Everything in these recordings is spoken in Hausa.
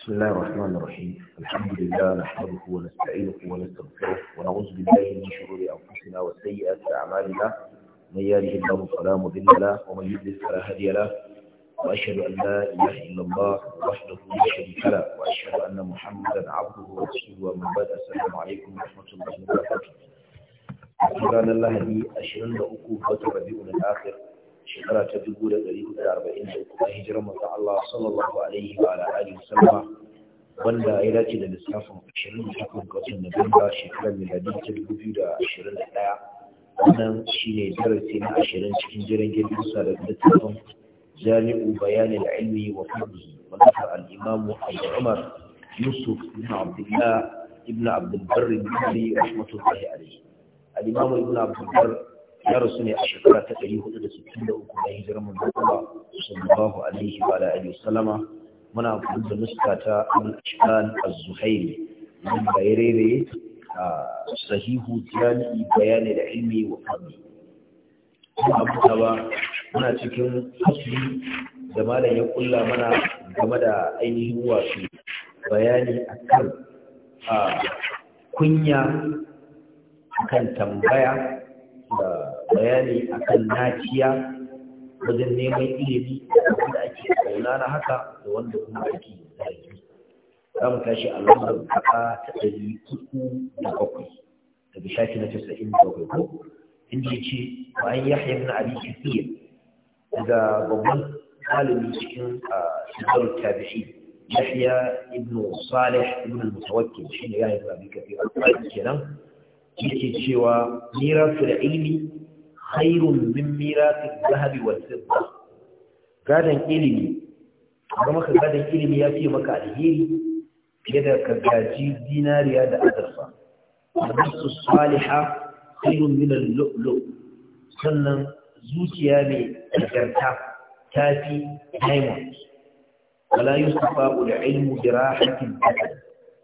بسم الله الرحمن الرحيم الحمد لله نحمده ونستعينه ونستغفره ونعوذ بالله من شرور أنفسنا وسيئات أعمالنا من يهده الله فلا مضل له ومن يضلل فلا هادي له وأشهد أن لا إله إلا الله وحده لا شريك له وأشهد أن محمدا عبده ورسوله ومن بعد السلام عليكم ورحمة الله وبركاته سبحان الله 23 وتربيعنا الآخر shekara ta dubu da da arba'in da bayan hijirar masu Allah sallallahu alaihi wa alihi wasallam wanda ya dace da lissafin ashirin da 28 ga da Nuwamba shekarar miladi ta dubu biyu da da ashirin ɗaya, wannan shine darasi na ashirin cikin jirgin dusa da littafin jami'u bayanin ilmi wa fadli wanda al-imamu Umar Yusuf bin Abdullah ibn Abdul Barr bin Ali rahmatullahi alayhi al-imamu ibn Abdul Barr ya ne a shekara ta 463 bayan hijirar mun Allah sallallahu alaihi wa alihi sallama muna amfani da nuska ta al-Ashkan az-Zuhairi min bayrere sahihu jani bayani da ilmi wa fadli abu ba muna cikin asli da malam ya kulla mana game da ainihin wasu bayani akan kunya kan tambaya da bayani a kan naciya wajen neman ilimi da ake kauna na haka da wanda kuma ake zargi za mu tashi a lambar kaka ta ɗari uku da bakwai daga shafi na casa'in da bakwai ko ji ya ce bayan ya hayar na abin kafiyar daga babban malami cikin shigar tabi'i يحيى ابن صالح ابن المتوكل شنو يعني ابن ابي كثير القرآن cewa يكي su da العلم khairun min mirasil zahabi wal fidda gadan ilimi ga maka gadan ilimi ya fi maka alheri fiye da ka gaji dinariya da azurfa nafsu saliha khairun min al-lu'lu sannan zuciya mai nagarta ta fi diamond wala yusufa ul ilmu bi rahatin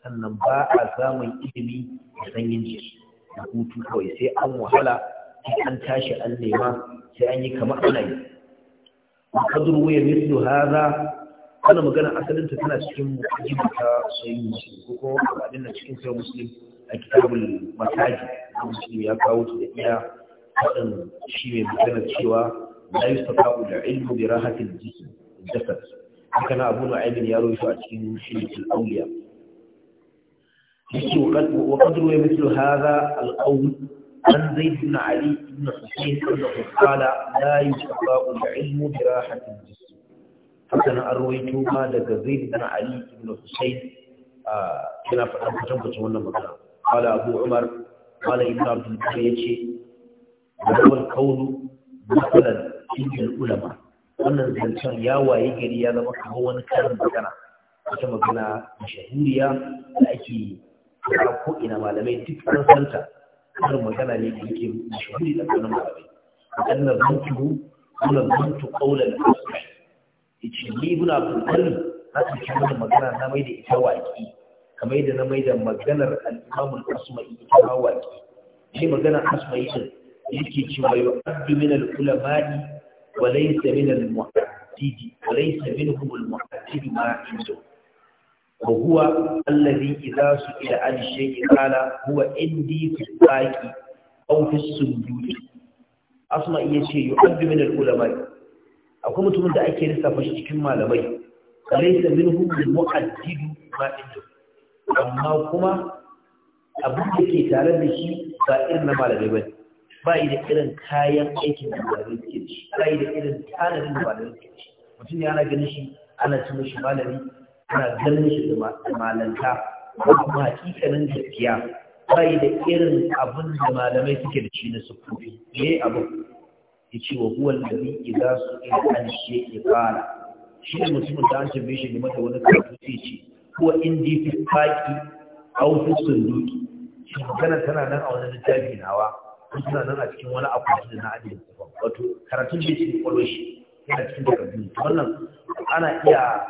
sannan ba a samun ilimi da sanyin jiki da hutu kawai sai an wahala an tashi an nema sai an yi kama ana yi a kaduru wuya mislu haza ana magana asalin ta tana cikin mukajibu ta sayin musulmi ko kuma abin nan cikin sayin musulmi a kitabul mataji musulmi ya kawo ta da iya faɗin shi mai magana cewa yi la yustafa'u da ilmu bi rahatil jism jasad haka na abu nu'aymin yaro rawaito a cikin shirkul awliya yake wa kadru ya mislu haza al-qawl عن زيد بن علي بن حسين أنه قال لا يشفاء العلم براحة الجسم حسن أرويت ما لك زيد بن علي بن حسين كنا فتن فتن فتن فتن قال أبو عمر قال ابن عبد البريتي وهو الكون مثلا عند العلماء wannan zancen ya waye gari ya zama kamar wani karin magana wata magana mashahuriya da ake ko ina malamai duk an santa Kar magana ne da yake mashahuri da kanin malamai wadanna zantu kuna zantu kaulan asbah yace ni ibn abdul qalim na tsaki wannan magana na mai da ita waki kamar yadda na mai da maganar al-imam al-asma'i ita waki shi maganar asma'i din yake cewa yu'addu min al-ulama'i wa laysa min al-mu'addidi wa laysa minhum al-mu'addidi ma indahu wa huwa allazi idza su'ila an shay'in qala huwa indi fi saqi aw fi sujudi asma iya ce yu'addu min al-ulama akwai mutumin da ake lissafa shi cikin malamai laysa minhum al-mu'addid ma inda amma kuma abin da ke tare da shi ba irin na malamai bane ba yi da irin kayan aikin da suke da ba yi da irin tanadin da suke da mutum ya ana ganin shi ana cin shi malami ana ganin shi da malanta kuma hakikanin gaskiya bai da irin abin da malamai suke da shi na sufufi yayi abu? ya ce wa huwa alladhi idza su'ila an shay'in qala shi ne mutumin da an tambaye shi game da wani karatu sai ce huwa indi fi faqi au fi sunduki shi magana tana nan a wani littafi nawa ko tana nan a cikin wani akwati da na ajiye wato karatun bai yake kwallo shi yana cikin takardu wannan ana iya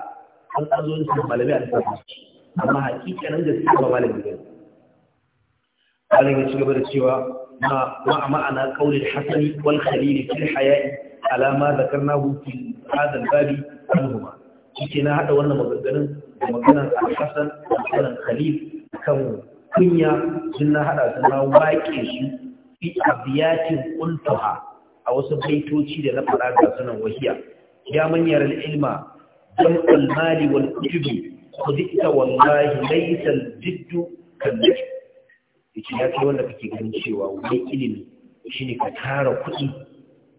an an zo su malami a lissafi amma hakikanin da suke ba malami ne malami ci gaba da cewa ma ma ma'ana qaulil hasani wal khalil fil haya'i alama da karna hutu hadha babi anhuma kike na haɗa wannan maganganun da maganar al-hasan da maganar khalil kan kunya sun na hada su na waƙe su fi abiyatin qultuha a wasu baitoci da na fara ga sunan wahiya ya manyar ilma جمع المال والكتب خذئت والله ليس الجد كالنجم yace ya kai wanda kake ganin cewa wani ilimi shine ka tara kuɗi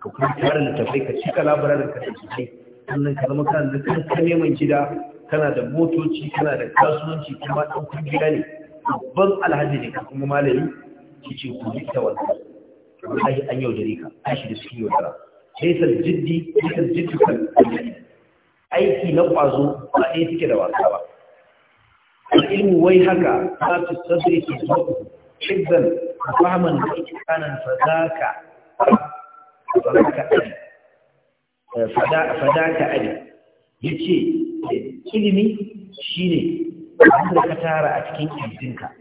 ka kuma tara littafai ka cika labararin ka littafai sannan ka zama kana da kanka neman gida kana da motoci kana da kasuwanci kuma ɗan kun gida ne babban alhaji ne ka kuma malami ki ce ku wallahi an ka yaudara aiki na ƙwazo ba ɗaya suke da wasa ba ilmu wai haka za su sadri ke zuwa shiddan fahimman da ake kanan eh, Fada ka ali ya ce eh, ilimi shi ne abinda ka tara a cikin kirjinka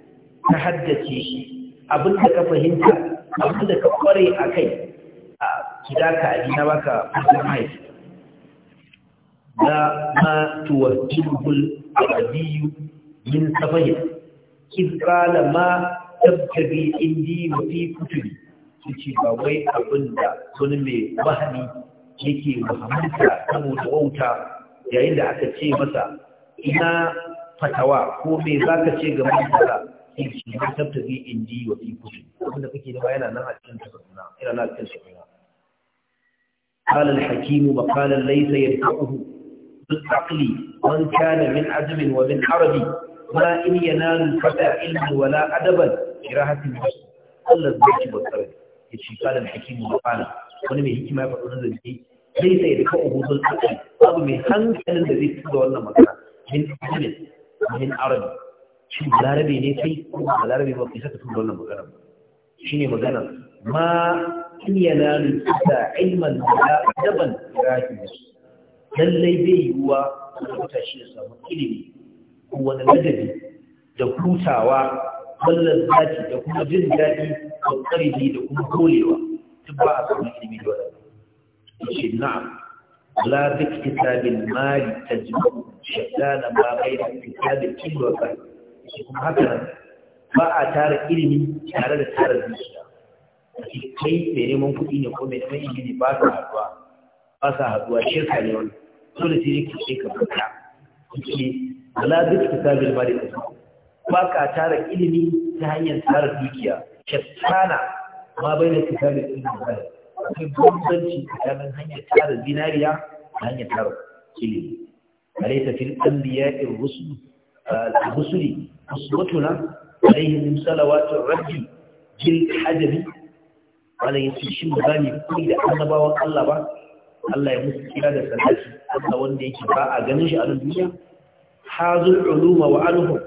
ta haddace shi abinda ka fahimta abinda ka kware a kai a sadaka ali na baka fahimta mahaifi لا ما توجهه العربي من سفيه إذ قال ما تبتغي عندي وفي كتبي suke ba wai abin wani mai wahani yake muhammanta saboda wauta yayin da aka ce masa ina fatawa ko me za ka ce ga mutala in shi ne tattabi in ji wa fi abinda kake da yana nan a cikin tabbuna yana Hakimu a cikin tabbuna قال الحكيم وقال ليس يدفعه بالعقل من كان من عجم ومن عربي ما إن ينال الفتى علما ولا أدبا قراءة المسلم الله الزكي والترك يتشي قال الحكيم وقال wani mai hikima ya faɗo nazari zai sai da kawo hudun tsaki babu mai hankalin da zai fito wannan magana min ajimin min arabi shi larabe ne kai ko ba larabe ba kai saka fito wannan magana shine magana ma in yana daban lallai bai yiwuwa wani matashi ya samu ilimi ko wani ladabi da hutawa wallan zaki da kuma jin daɗi da ƙarfi da kuma kolewa duk ba a samu ilimi da waɗanda shi na la duk kitabin mali tajmu shaddana bai da kitabin ilmi ba shi kuma haka nan ba a tara ilimi tare da tara zuciya kai mai neman kuɗi ne ko mai neman ilimi ne ba sa haɗuwa ba sa haɗuwa shirka ne wannan dole sai yake sai ka fita yake ala duk kitabil malik ba ka tara ilimi ta hanyar tara dukiya shattana ma bai da kitabil ilmi ba akwai bambanci tsakanin hanyar tara zinariya da hanyar tara ilimi alaita fil anbiya'i rusul rusuli uswatuna alaihim salawatu rabbi jil hajabi wala yasin shin ba ni koyi da annabawan Allah ba Allah ya musu kira da salati Allah wanda yake ba a ganin shi a nan duniya hazul uluma wa alhu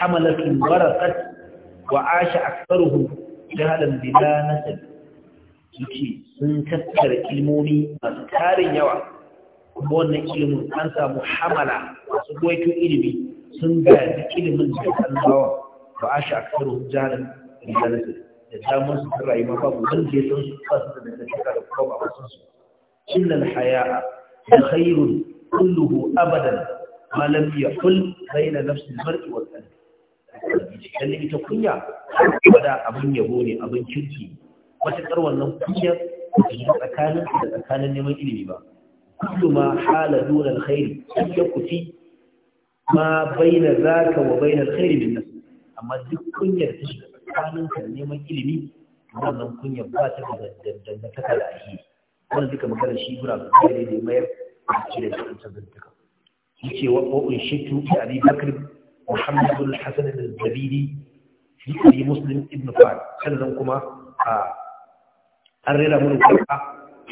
hamalat warasat wa asha aktharuhu jahalan bila nasab yake sun tattara ilmomi masu tarin yawa kuma wannan ilimin an samu hamala su goyito ilimi sun ga ilimin da annabawa ba a sha jahalan bila nasab da damar su rayu babu wanda ya san su ba su da nasab da kuma ba su sun nan haya'a خير كله أبدا ما لم يحل بين نفس المرء والقلب lalle ita kunya wada abin yabo ne abin kirki matuƙar wannan kunya da tsakanin da tsakanin neman ilimi ba kullu ma hala dun alkhair in ya kufi ma baina zaka wa baina alkhair min nas amma duk kunyar ta shiga tsakanin ka neman ilimi wannan kunyar ba ta da dangantaka da alheri wannan duka magana shi gura ba kai ne mayar da cire shi a cikin duka yace wa qawin shitu bi abi bakr muhammad bin hasan al-zabidi fi abi muslim ibn fa'al sannan kuma a an rera mun kuka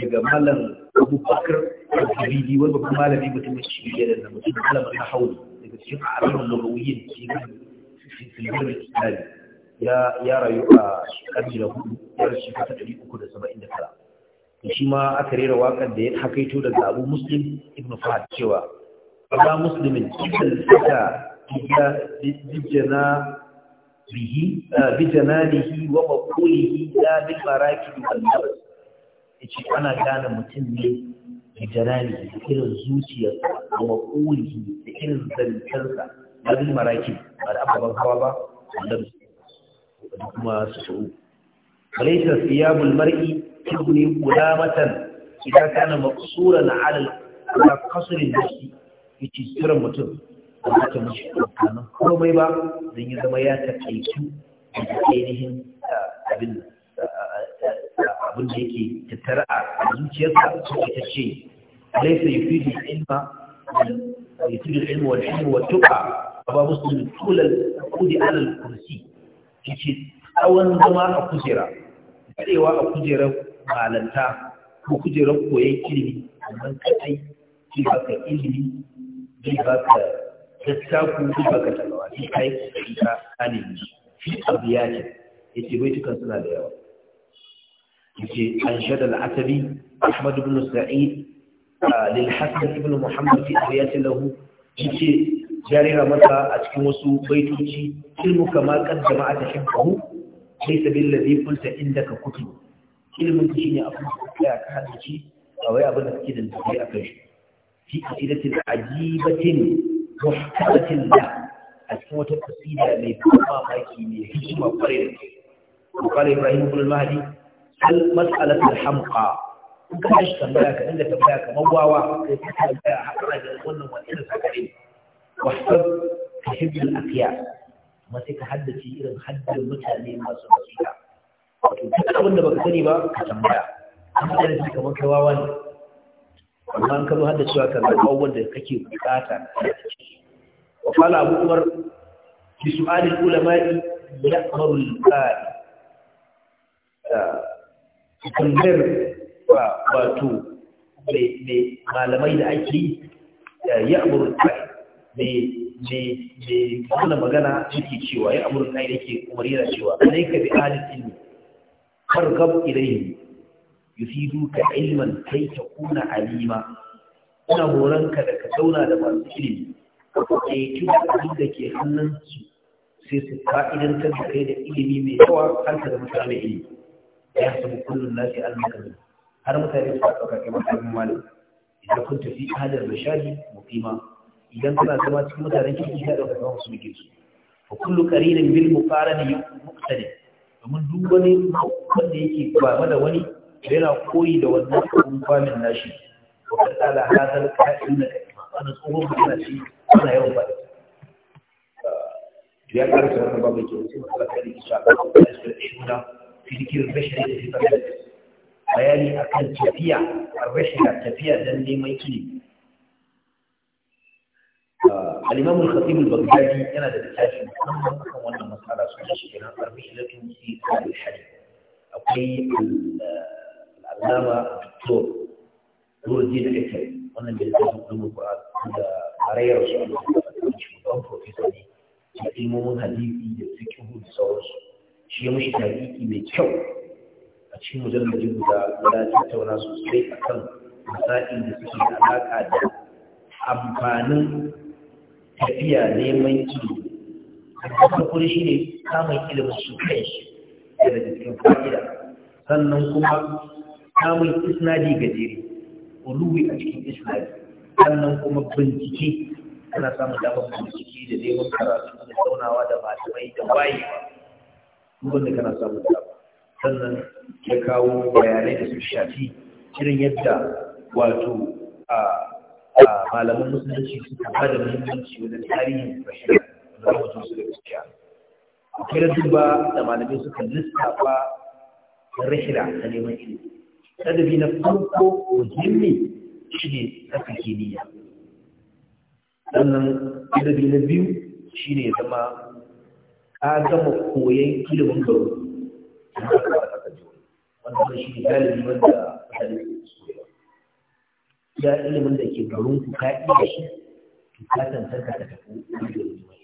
daga malam abu bakr al-zabidi wani kuma malami mutum shi ne da mutum malamin nahwu daga cikin alamun lugawiyyin cikin filmin islami ya rayu a karni da hudu ya rashi kasa 379 shi ma aka rera waƙar da ya hakaito da abu muslim ibn fahad cewa ba muslimin idan suka bijana bihi bijananihi wa maqulihi la bil da wal Ya yace ana gane mutum ne bijananihi da irin zuciyar wa maqulihi da irin zancensa da bil maraki ba da ababen hawa ba wal kuma su su walaysa siyabul mar'i تغني غلامة إذا كان مقصورا على القصر النفسي يتسير متن ba ta mashi amfanin komai ba don ya zama ya taƙaitu da ainihin abin abin da yake tattara a zuciyarsa suka ta ce laisa ya fi da ilma ya ilma wa ilma wa tuka ba musulun tulal kudi alal kursi ya ce tsawon zama a kujera tsarewa a kujerar malanta ko kujerar koyon ilimi amma kadai zai baka ilimi zai baka dattaku zai baka talawa sai kai kokari ka kane shi fi abiyati yace bai tukan suna da yawa yace an shada al-asabi Ahmad ibn Sa'id lil Hasan ibn Muhammad fi abiyati lahu ce jarira masa a cikin wasu baitoci ilmu kama kaddama a tashin kahu sai sabil ladhi inda ka kutu ilimin shi ne abin da ya ka hada shi a wai abin da kake da tafi a kai shi ta ajibatin muhtalatin da. a cikin wata qasida mai kuma maki ne hikima kware da shi قال ابراهيم بن المهدي المسألة الحمقى ka tashi tambaya ka inda tambaya kamar wawa kai ka tambaya a da wannan irin sakare wasab ka hibbul afiya kuma sai ka haddace irin haddar mutane masu basira wato duk abin da baka sani ba ka tambaya amma da shi kamar kai wawa ne amma an kama hadda cewa kan abubuwan da kake bukata wa qala abu umar bi su'al al ulama ya'maru al qari ah, tambayar wato mai malamai da ake eh, ya'maru al qari mai wannan magana yake cewa ya amurin na yake umar yana cewa alaika bi alil ilmi fargab ilayhi yufiduka ilman kai ta kuna alima ina horonka da ka zauna da masu ilimi ka ki da abin da ke hannunsu sai su fa'idantar da kai da ilimi mai yawa har ka zama samun ilimi ya sabu kullum na lafi almakami har mutane su ɗauka kai makarin malam idan kun tafi halar bashari muqima idan kana zama cikin mutanen kirki ka ɗauka kai musu muke su fa kullu qarinin bil muqarani muqtadi domin duk wani da yake gwame da wani yana koyi da wani abin kwamin nashi wakar tsada hadar ka'in da ka'ima wani tsohon magana shi ana yawan ba da ya ƙara wani ba mai kyau sai matsala ta rikici a kan kuma da suka ɗaya guda filikin rashin da fitar da bayani a kan tafiya a rashin da tafiya don neman ilimi al-imam al-khatib al-baghdadi yana da littafi musamman akan wannan masala su da shi na arbiyatun fi al-hadith akwai al-allama to Nuruddin Aikai wannan da littafin ulumul Qur'an da harayyar su Allah ta shugaban professor ne da ilmomin hadisi da fiqhu da sauransu shi ya mushi tariki mai kyau a cikin mujallaji guda guda tattauna sosai akan masa'il da suke da alaƙa da amfanin tafiya neman ilimi wata kuri shi ne samun ilimin su kai shi daga cikin fa'ida sannan kuma samun isnadi gajere uluwi a cikin isnadi sannan kuma bincike ana samun damar bincike da neman karatu da zaunawa da malamai da wayewa wanda kana samun damar sannan ya kawo bayanai da su shafi shirin yadda wato a malaman musulunci suka ba da muhimmanci wajen tarihin rashin da mutum su da gaskiya akwai da duba da malamai suka lissafa rashida ta neman ilimi ladabi na farko muhimmi shi ne tsakake niyya sannan ladabi na biyu shi ne zama ka gama koyon ilimin garo wanda shi ne galibi wanda mutane iya ilimin da ke garin ku ka iya shi to ka tantanta ka tafi ilimin da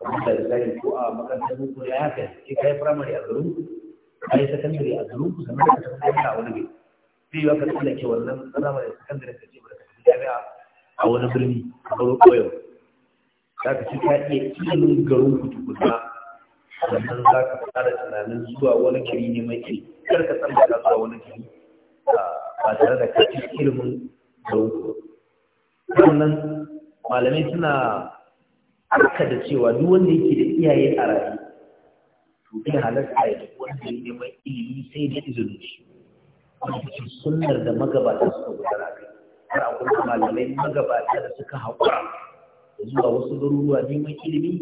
ke kamar da misali ko a makarantar ku ya haka ke kai firamare a garin ku ka yi sakandare a garin ku sannan ka tafi da a wani bai zai yi ka ke wannan firamare sakandare ka ce ba ka tafi jami'a a wani birni a garin koyo za ka ci ka iya ilimin garin ku tukuna sannan za ka fara tunanin zuwa wani kiri ne mai kiri kar ka tsallaka zuwa wani kiri ba tare da kacin ilimin da wuce sannan malamai suna aka da cewa duk wanda yake da iyaye a rayu to bai halarta ya duk wanda ya neman ilimi sai da izinin shi wanda ke sunar da magabata suka a kai har akwai malamai magabata da suka haƙura zuwa wasu garuruwa neman ilimi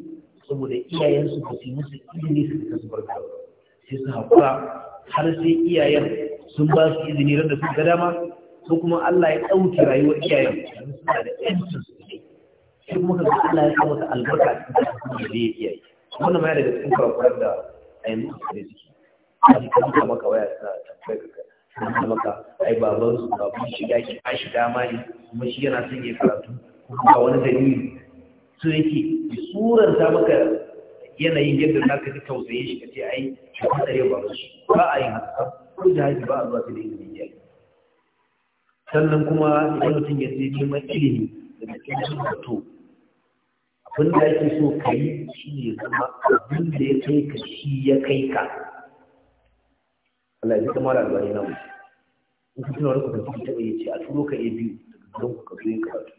saboda iyayensu ba su yi musu ilimi su fita su barka sai su haƙura har sai iyayen sun ba su izini da su ga dama ko kuma Allah ya ɗauki rayuwar iyaye. iyayen suna da ƴancin su ne shi kuma ka Allah ya kawo ta albarka a cikin da zai iyaye wannan ma daga cikin kwakwar da a yanzu su ne ciki. a cikin ka maka waya suna tambayar ka suna maka ai baban su baban shiga ki ba shi dama ne kuma shi yana son ya karatu kuma wani dalili su yake suranta maka yanayin yadda za ka ji tausayin shi ka ce ai shi kuma ɗaya baban shi ba a yi haka ko haifi ba a zuwa su da ilimin yi sannan kuma idan mutum ya je neman ilimi daga cikin sunnato abin da ake so ka yi shi ne zama abin da ya kai ka shi ya kai ka Allah ya ji kamar albani na mu in kuma wani kuma ta taɓa ya ce a turo ka biyu don ku ka zo yin karatu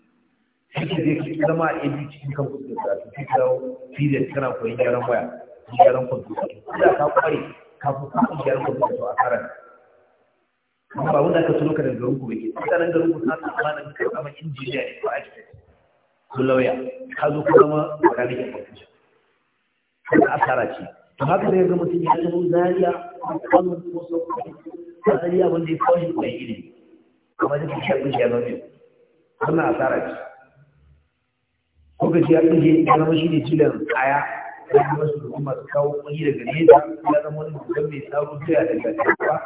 shi zai ki zama a biyu cikin kan kusurin karatu sai ka dawo filin kana koyon gyaran waya gyaran kwamfuta da ka kware kafin kuma ya rubuta su a karan amma ba wanda ka tuno daga garin ku bake mutanen garin ku na tsammana ka zama injiniya ne ko architect ko lauya ka zo ka zama makarin ya kwamfuta ka asara ce to haka da ya ga mutum ya zama zariya ko kwanon ko zariya wanda ya kawo shi kwaye ilimi kamar da ta shafi shi ya zama yau wannan asara ce ko gajiya ɗin ya zama shi ne jilan kaya ya yi masu kuma su kawo kuɗi daga nesa ya zama wani mutum mai tsaro tuya daga kasuwa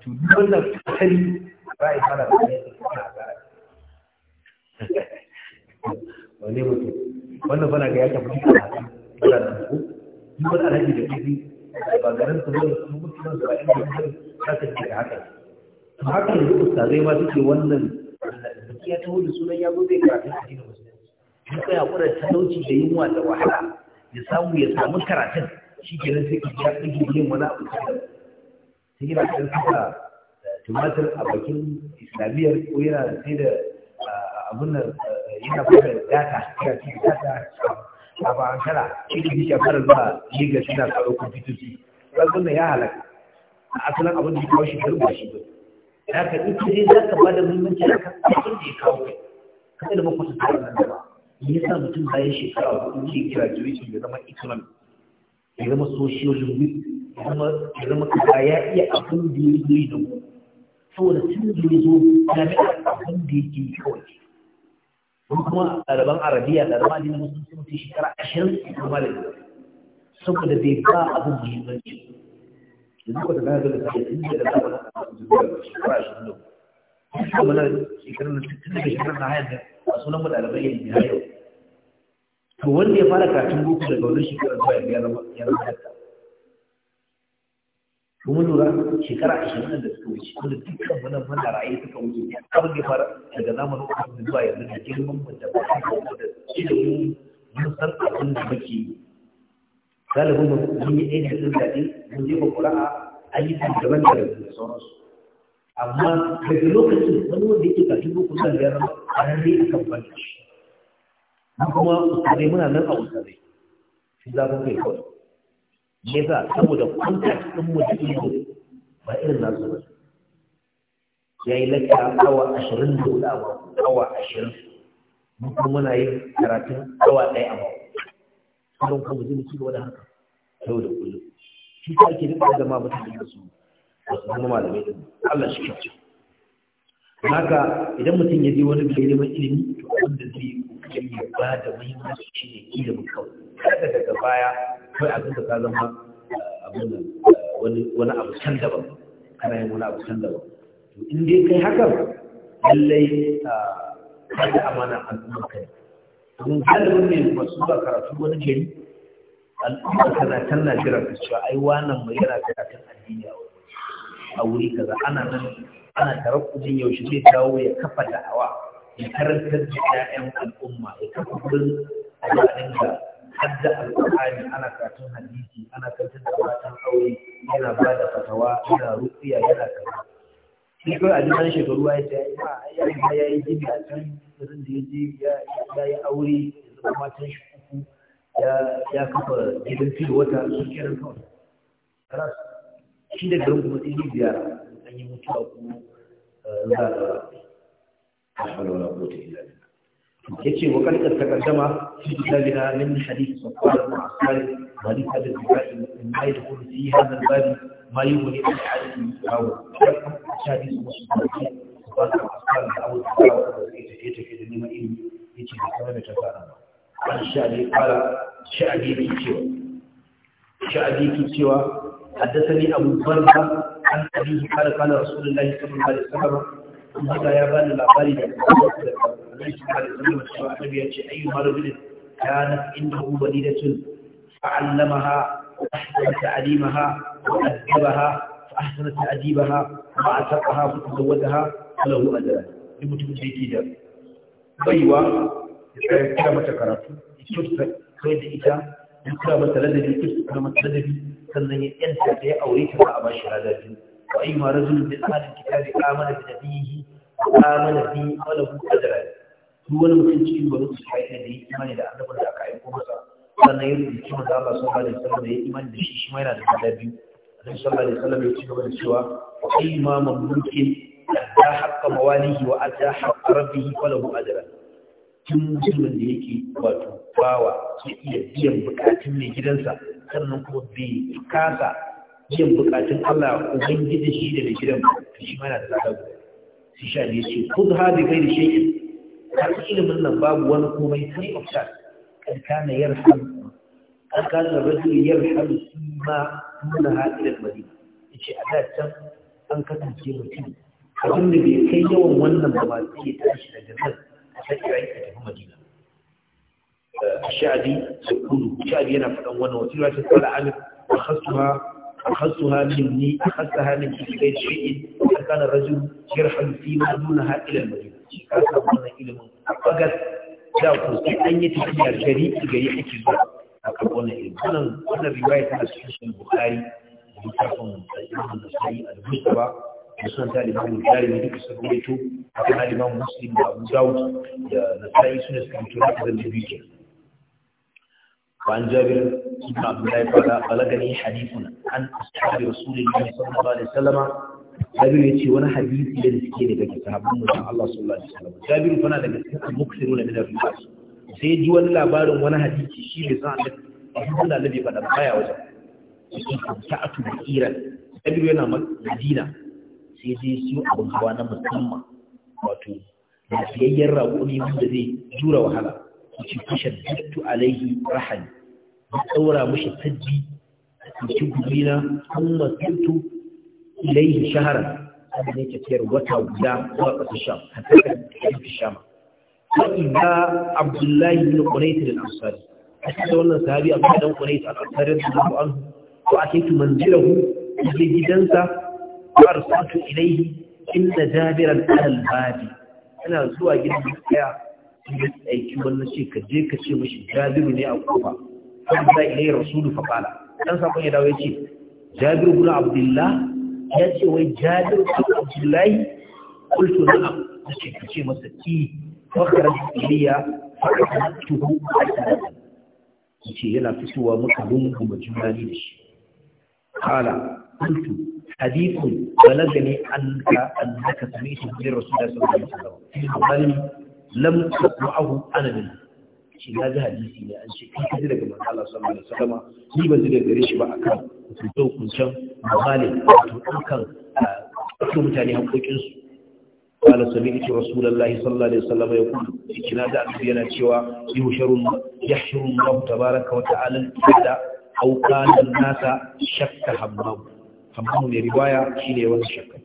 to duk wannan asali ba ya fara da nesa kuma a gara mutum wannan bana ga ya tafi da hasi bana da ku duk wani alhaji da kizi ba garin su zai su mutu nan su ba inda ya zai kasa ce da haka to haka ne duk zai ma suke wannan biki ya taho da sunan ya gobe zai karatu a cikin musulunci duk ya kura talauci da yunwa da wahala ya samu ya samu karatun shi ke nan sai ka ja ɗin yin wani abu sai yana ɗan saka eh, tumatir a bakin islamiyyar ko yana sai da eh, abin nan eh, yana fara data yana cikin data a ba an kara shi ne shi fara zuwa liga shi na tsaro kwamfutoci ɗan ya halaka a asalin abin da ya kawo shi karɓa shi ba ya ka ɗin kiri za ka ba da muhimmanci a kan abin da ya kawo kai kada da makwasa tsarin nan da ba me yasa mutum bayan shekara hudu zai kira turism ya zama economic ya zama social linguist ya zama ya zama kaza ya iya abin da ya zo da mu saboda tun da ya zo jami'a abin da yake kawai ko kuma ɗaliban arabiya da addinin musulunci mutum shekara ashirin ko malami saboda bai ba abin muhimmanci yanzu ko da na ga da sai inda da ba na shekara ashirin da duka muna da tun daga shekarun na hayar da a sunan mu ɗalibai ilimi har yau to wanda ya fara karatun boko daga wani shekarar zuwa ya zama ya zama haka kuma lura shekara ashirin da suka wuce wanda dukkan wani wanda ra'ayi suka wuce ya abin ya fara daga zamanin uku zuwa yanzu da girman mu da ba da ilimin mun san abin da muke yi galibin mun yi ɗaya da sun zaɓe mun je ba ƙura'a ayyukan daban-daban da sauransu amma daga lokacin wani wanda yake kashin boko zan biyar ƙararri a kan bane shi na kuma usare muna nan a usare shi ku kai kawai me sa saboda kwantar ɗin mutum da ba irin na ba ya yi lakka awa ashirin da wuda ba awa ashirin mun kuma muna yin karatun awa ɗaya a mako sauran kuma zai mu ci gaba da haka yau da kullum shi ta ake rika da ma mutane da su wasu kuma malamai din Allah shi kyauta haka idan mutum ya je wani bai neman ilimi to wanda zai kokari ya ba da muhimmanci shi ne ilimin kawai kada daga baya kai abin da ka zama eh, abin nan eh, wani abu can daban kana yin wani abu can daban to in dai kai hakan lallai eh, kada amana al'umma kai domin galibin mai masu zuwa karatu wani gari al'umma kaza tana jira ka cewa ai wannan mai yana karatun addini a wani a kaza ana nan ana tarakkudin yaushe zai dawo ya kafa da'awa ya karantar da 'ya'yan al'umma ya kafa gurin a dinga hadda alƙur'ani ana karatun hadisi ana karatun da matan aure yana ba da fatawa yana rufiya yana kaza shi kawai a jikin shekaru ya ce ya yi ya yi jini a can irin da ya je ya yi aure ya zama matan shi uku ya kafa gidan fil wata su kira kawai shi da garin kuma sai biyar an yi mutuwa ko eh, za a hawala wala ko ta illa ya ce wa kan takaddama fi kitabina min hadith da ibn ne, wa li hada zikai min ma yadkhul fi hadha al-bab kawo. yughni an hadith aw hadith muslim wa asal ba da neman ilimi yace da kuma ta fara ba an cewa cewa حدثني أبو الضربة عن أبيه قال قال رسول الله صلى الله عليه وسلم هذا يا بني العباري عليه الصلاة والسلام الشرع النبي أي مرض كانت عنده وليدة فعلمها وأحسن تعليمها وأدبها فأحسن تأديبها وأعتقها فتزوجها فله أجران لمتم جيدا بيوا كما تكررت كيف كيف إذا duk da mata ladabi duk da mata ladabi sannan ya yanta da ya aure ta a bashi ladabi wa ayi ma rajul bi ahadin kitabi amana bi nabihi amana bi wala hu ajra duk wani mutum cikin bari su kai da yi imani da annabin da aka aiko masa sannan ya rubuci manzo Allah sallallahu alaihi wasallam ya imani da shi shi ma yana da ladabi Annabi sallallahu alaihi wasallam ya ci gaba da cewa wa ayi ma mamlukin da haqqa mawalihi wa adda haqqa rabbihi falahu ajra tun mutumin da yake wato bawa ya iya biyan bukatun mai gidansa sannan kuma bai kasa biyan bukatun Allah ubangiji shi da mai gidan to shi mana da lada guda sai sha ne ce kud ha bi gairi shay'in har ilimin nan babu wani komai sai of that kan kana yarham kan kana yarham ma duna hadil madina yace a da can an kasance mutum abin da bai kai yawan wannan ba ba sai ya tashi daga nan a sai ya tafi madina sha'abi da kudu sha'abi yana faɗan wannan wasu ya ce tsala amir a hasuwa أخذتها مني أخذتها من بيت شيء فكان الرجل يرحل فيما دونها إلى المدينة أخذنا إلى المدينة فقط داخل في أن يتحيى الجريء جريء حكيزة أخذنا إلى المدينة وانا رواية على سحيش البخاري ومتاكم الإمام النصري المستوى وسنة الإمام الجاري مديك سبويته وكان الإمام مسلم وأبو داود نصري سنة كمتورات ذا الجبيكي وعن جابر بن عبد الله قال بلغني حديث عن أصحاب رسول الله صلى الله عليه وسلم جابر يتي وانا حديث يدي سكي دغ صحابون الله صلى الله عليه وسلم جابر فانا دغ المكثرون من الروايات sai ji wani labarin wani hadisi shi bai san Allah da Annabi faɗa baya wajen ta'atu bi iran Jabiru yana Madina sai ya siyo abin hawa na musamman wato lafiyayyen raƙumi wanda zai jura wahala yace tashaddatu alaihi rahali na daura mishi tajji cikin gudina kuma tuntu ilaihi shahara da ne tafiyar wata guda zuwa ƙasar sham hatta da ƙasar sham فإذا عبد الله بن قريت الأنصاري أشهد أن صحابي عبد الله بن قريت الأنصاري رضي الله عنه وأتيت منزله لجدنسا وأرسلت إليه إن جابرا babi. Yana zuwa زوى da يا ya aiki wannan ce ka je ka ce mashi jabiru ne a kofa har za ilai rasulu fa kala dan sakon ya dawo ce jabiru bin abdullah ya ce wai jabiru bin abdullahi qultu na'am ce ka ce masa ki fakara iliya fakara tuhu ce yana fitowa muka lungu majunani da shi kala qultu hadithun balagani anka annaka sami'tu bi rasulillahi sallallahu alaihi wasallam lam ta'ahu ana min shi na ji hadisi ne an ce kai ji daga manzo Allah sallallahu alaihi wasallam ni ban ji daga gare shi ba akan hukuncin hukuncin mazali to akan su ah, mutane hakokin su qala sami'tu rasulullahi sallallahu alaihi wasallam yaqulu kina da annabi yana cewa yuhsharun yahshuru Allah tabaaraka wa ta'ala al-ibada aw kana an-nasa shakka hammam hammam ne riwaya shine wannan shakka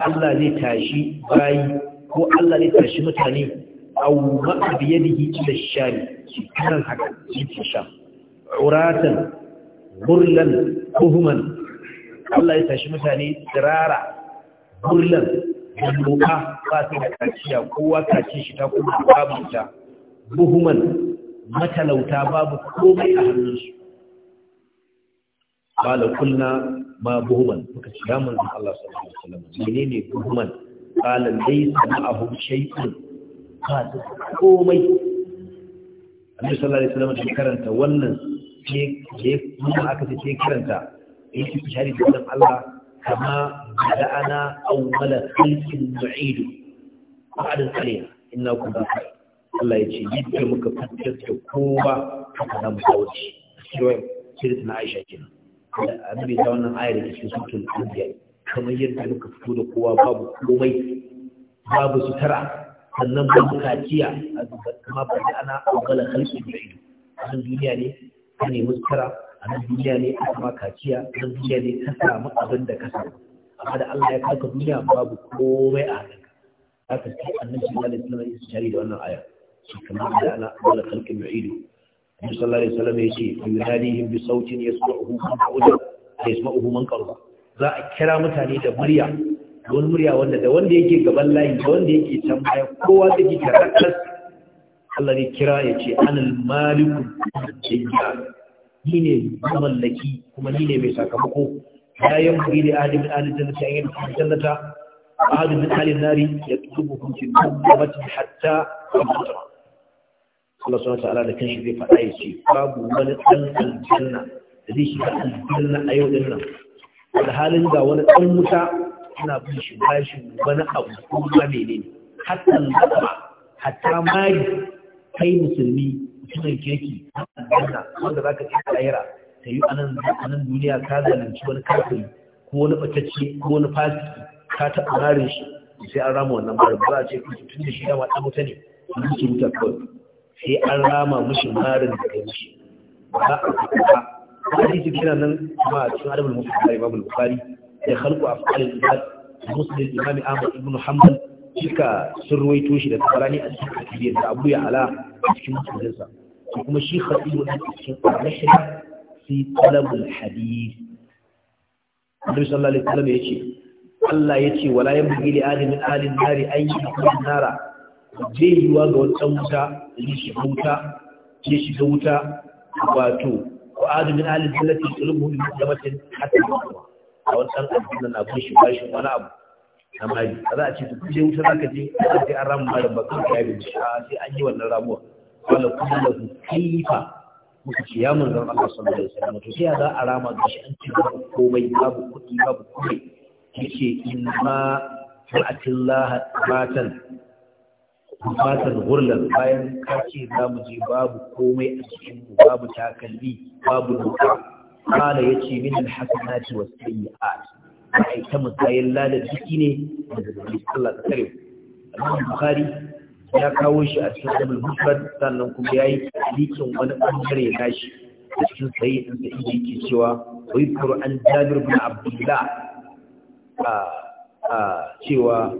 Allah zai tashi bayi ko Allah ne tashi mutane aw ma'a bi yadihi ila shari shi kan haka yake sha uratan burlan buhuman Allah ya tashi mutane tsirara burlan buhuka ba su da kaciya kowa kace shi ta kuma babu ta buhuman matalauta babu komai a hannunsu qala kulna ma buhuman muka ce ya manzon Allah sallallahu alaihi wasallam ne buhuman qala laysa ma'ahu shay'un ba su komai annabi sallallahu alaihi wasallam da karanta wannan ke ke kuma aka ce ke karanta yake tishari da dan Allah kama bada'ana awwala khalqin nu'idu ba'da al-alim inna kunna fa'il Allah ya ce yadda muka fattace kowa haka za mu sauci sai na Aisha kenan annabi ta wannan ayar da ke cikin sutul anbiya kamar yadda muka fito da kowa babu komai babu sutura sannan babu kaciya a kuma ba da ana ogala halsu da ido a nan duniya ne ta nemi sutura a nan duniya ne a kama kaciya a nan duniya ne ta samu abin da ka samu amma da Allah ya kaka duniya babu komai a hannun ka za haka sai annabi sallallahu alaihi wasallam ya shari da wannan aya shi kamar da ana ogala halsu da ido Annabi sallallahu alaihi wasallam ya ce yunadihim bi sautin yasma'uhu man qurba yasma'uhu man qurba za a kira mutane da murya don murya wanda da wanda yake gaban layi da wanda yake can baya kowa zai ji karakas Allah ne kira ya ce anal maliku jinya ni ne mallaki kuma ni ne mai sakamako bayan buri da ahli min jannata jannati an yadda jannata adam min ahli nari ya tubu hukuncin kubbati hatta kubbata Allah subhanahu wa ta'ala da shi zai faɗa ya ce babu wani ɗan aljanna da zai shiga aljanna a yau din nan alhalin ga wani ɗan wuta suna bin shi bashin wani abu ko ne menene hatta laba hatta mai kai musulmi mutumin kirki aljanna wanda zaka ci tsayira ta yi anan anan duniya ka zalunci wani kafiri ko wani batacce ko wani fasiki ka taɓa marin shi sai an rama wannan marin ba a ce ku tun da shi dama ɗan wuta ne su zuci wuta kawai sai an rama mishi marin da kai mishi ba a kuka hadisi yana nan kuma a cikin adabul musulmi imam al-bukhari da khalqu af'al al-ibad muslim imam ahmad ibn hanbal shika sun ruwaito shi da tabarani a cikin kabir da abu ya ala a cikin musulunsa ko kuma shi khatibu da cikin al-mashhad fi talab al-hadith Annabi sallallahu alaihi wasallam yace Allah yace wala yabghi li adamin alin nari ayyukan nara zai yiwa ga wancan wuta ya shiga wuta ya shiga wuta wato fu'adu min ahli jannati qulubuhum min jamatin hatta yaqwa a wannan aljanna na kun shi bashi wani abu amma ba za a ce duk je wuta zaka je sai an ramu malam ba kan kai bin sai an yi wannan ramuwa wala kullu kayfa muka ce ya manzon Allah sallallahu alaihi wasallam to sai a za a rama da shi an ce babu komai babu kuɗi babu komai yace inna ta'atillaha batan fatan gurlan bayan ka ce za mu je babu komai a cikin babu takalmi babu doka kala ya ce min alhasanati wa sayyi'at ai ta musayin lalar jiki ne daga gari Allah ta kare Imam Bukhari ya kawo shi a cikin Ibn Muslim sannan kuma yayi likin wani bangare ya shi a cikin sahihin sa inda yake cewa wai an Jabir bin Abdullah a cewa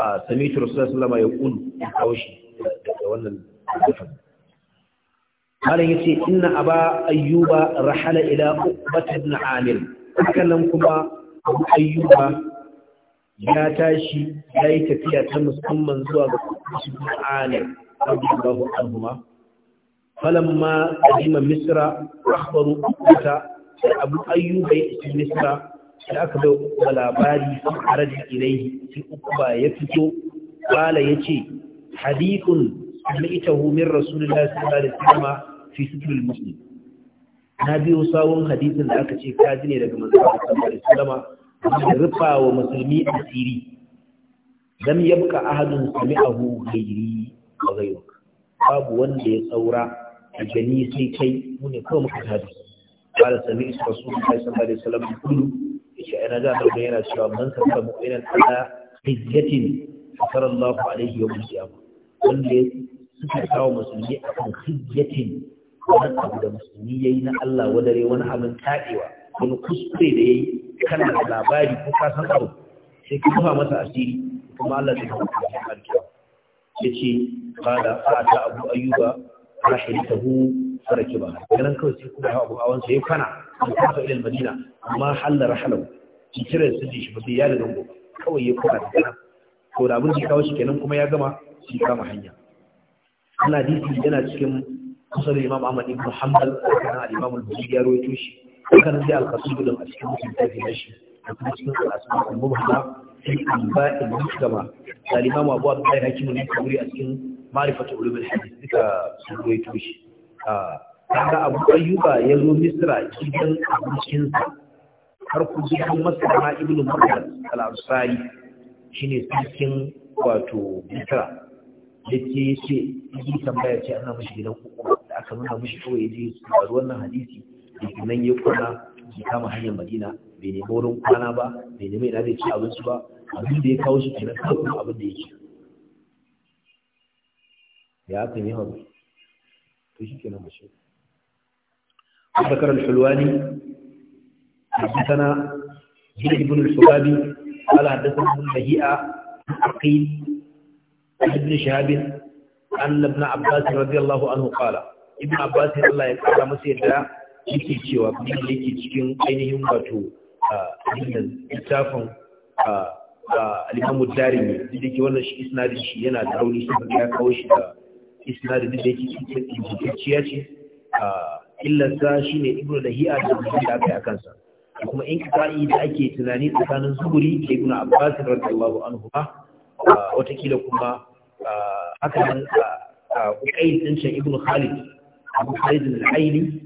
a samitu rasulullah sallama ya kulu ya kawo shi da wannan zafin malam yace inna aba ayyuba rahala ila uqbata ibn amir hakan kuma abu ayyuba ya tashi ya yi tafiya ta musamman zuwa ga ibn amir radiyallahu anhuma falamma qadima misra akhbaru uqbata abu ayyuba ya isa misra da aka bai uku labari sun haraji ilaihi sai uku ba ya fito kala ya ce hadithun sami'tahu min rasulillahi sallallahu alaihi wasallam fi sitrul muslim na biyo sawun hadisin da aka ce kaji ne daga manzo sallallahu alaihi wasallam da rufa wa musulmi asiri lam yabqa ahadun sami'ahu ghairi wa ghayruk babu wanda ya saura a gani sai kai mu ne kawai muka hadu قال سمعت رسول الله صلى الله عليه وسلم kullum. shi a naja da yana cewa man sassa mu'minan ala hijjatin sakar Allah alaihi wa musiyama wanda ya suka kawo musulmi a kan hijjatin wani abu da musulmi ya yi na Allah wadare wani abin taɗewa wani kuskure da ya yi kana da labari ko ka san abu sai ka kafa masa asiri kuma Allah zai kawo musulmi a kan ya ce kada a ta abu ayyuba rahimtahu sarki ba ganin kawai sai kuma abu hawansa ya kana alfafa ilil madina amma halar halau ki kira su ji shi ba ya da zango kawai ya kora da kana to da abin da shi kenan kuma ya gama shi kama hanya Allah hadisi yana cikin musal imam Ahmad ibn Hanbal kana al-imam al-Bukhari ya rawaito shi kana da al-qasid a cikin mutunta shi da kuma cikin al-asma al-mubhama fi anba' al-mujtama da imam Abu Hakim ne kuri a cikin ma'rifatu ulum al-hadith duka sun rawaito shi ah, kaga abu ayyuba ya zo misra gidan abokinsa har ku gidan masarama ibn murtad al-ansari shine sarkin wato misra da ke ce yi tambaya ce ana mashi gidan kuku da aka nuna mashi kawai ya je su wannan hadisi da nan ya kwana ya kama hanyar madina bai nemi wurin kwana ba bai nemi ina zai ci abinci ba abin da ya kawo shi kenan kawai kuma abin da yake ya aka yi hawa to shi kenan mashi بكر الحلواني حدثنا جلد بن الحبابي قال حدثنا ابن بهيئة عقيل ابن شهاب أن ابن عباس رضي الله عنه قال ابن عباس الله يقال مسيدا yake cewa kuma da cikin ainihin wato littafin alimamu darimi da ke wannan shi isnadin shi yana da rauni saboda ya kawo shi da isnadin da yake cikin ce illarsa shi ne ibn lahiya da mutum da aka yi a kansa kuma in kifa'i da ake tunani tsakanin zuburi da ibn abbas radiyallahu anhu ba watakila kuma haka nan kai tsincin ibn khalid abu khalid al-aini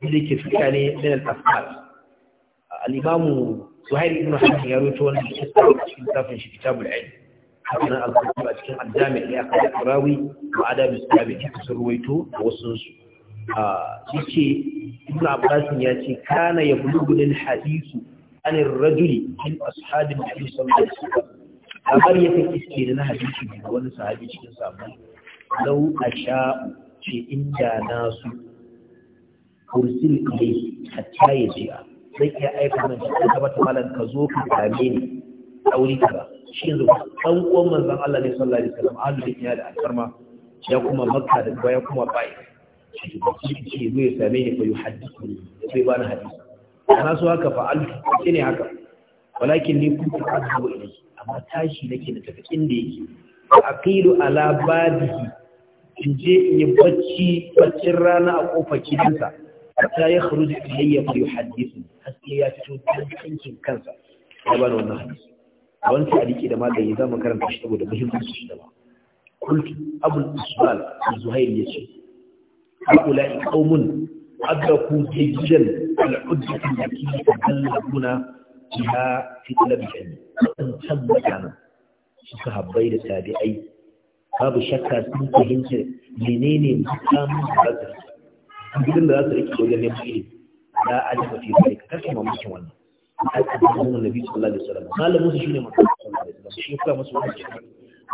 da ke fita ne min al-afkar al-imamu zuhair ibn hakim ya rawaito wannan kitabun cikin tafin shi kitabul ilm haka nan al-khatib a cikin al-jami' ya kai rawi wa adabi sahabi ta ruwaito wasu su yace ibn abbas ya ce kana yablughul hadithu an ar-rajuli in ashabin nabi sallallahu alaihi wasallam abar ya kai iske da na hadisi daga wani sahabi cikin sabon lau a sha ce inda na su Kursin ilai hatta ya ce a zai iya aika nan cikin tabbata malam ka zo ka same ni a wuri ka ba shi yanzu ɗan uwan manzan Allah ne sallallahu alaihi wasallam ahlul da alfarma ya kuma makka da ya kuma bai ce zai same ni fa yuhaddithu sai bani hadisi ana so haka fa kuke shine haka walakin ni kuntu adhu ilayhi amma tashi nake da tafi inda yake aqilu ala badihi in je in yi bacci baccin rana a kofar gidansa ta ya kharuji ilayya fa yuhaddithu haske ya fito dan kankin kansa ya bani wannan hadisi wani tariki da magani zamu mu karanta shi saboda muhimmanci shi da ba kulki abul isbal zuhair yace هؤلاء قوم أدركوا جيدا العدة التي تبلغون بها في طلب العلم وإن تم كان sahabbai da tabi'ai babu shakka sun fahimci menene makamin da za su rike da za su rike wajen neman ilimi da ajiba fi sai ka kashe mamakin wannan ai ka zama mun nabi sallallahu alaihi wasallam malamin su shine manzo sallallahu alaihi wasallam shi kuma musu wannan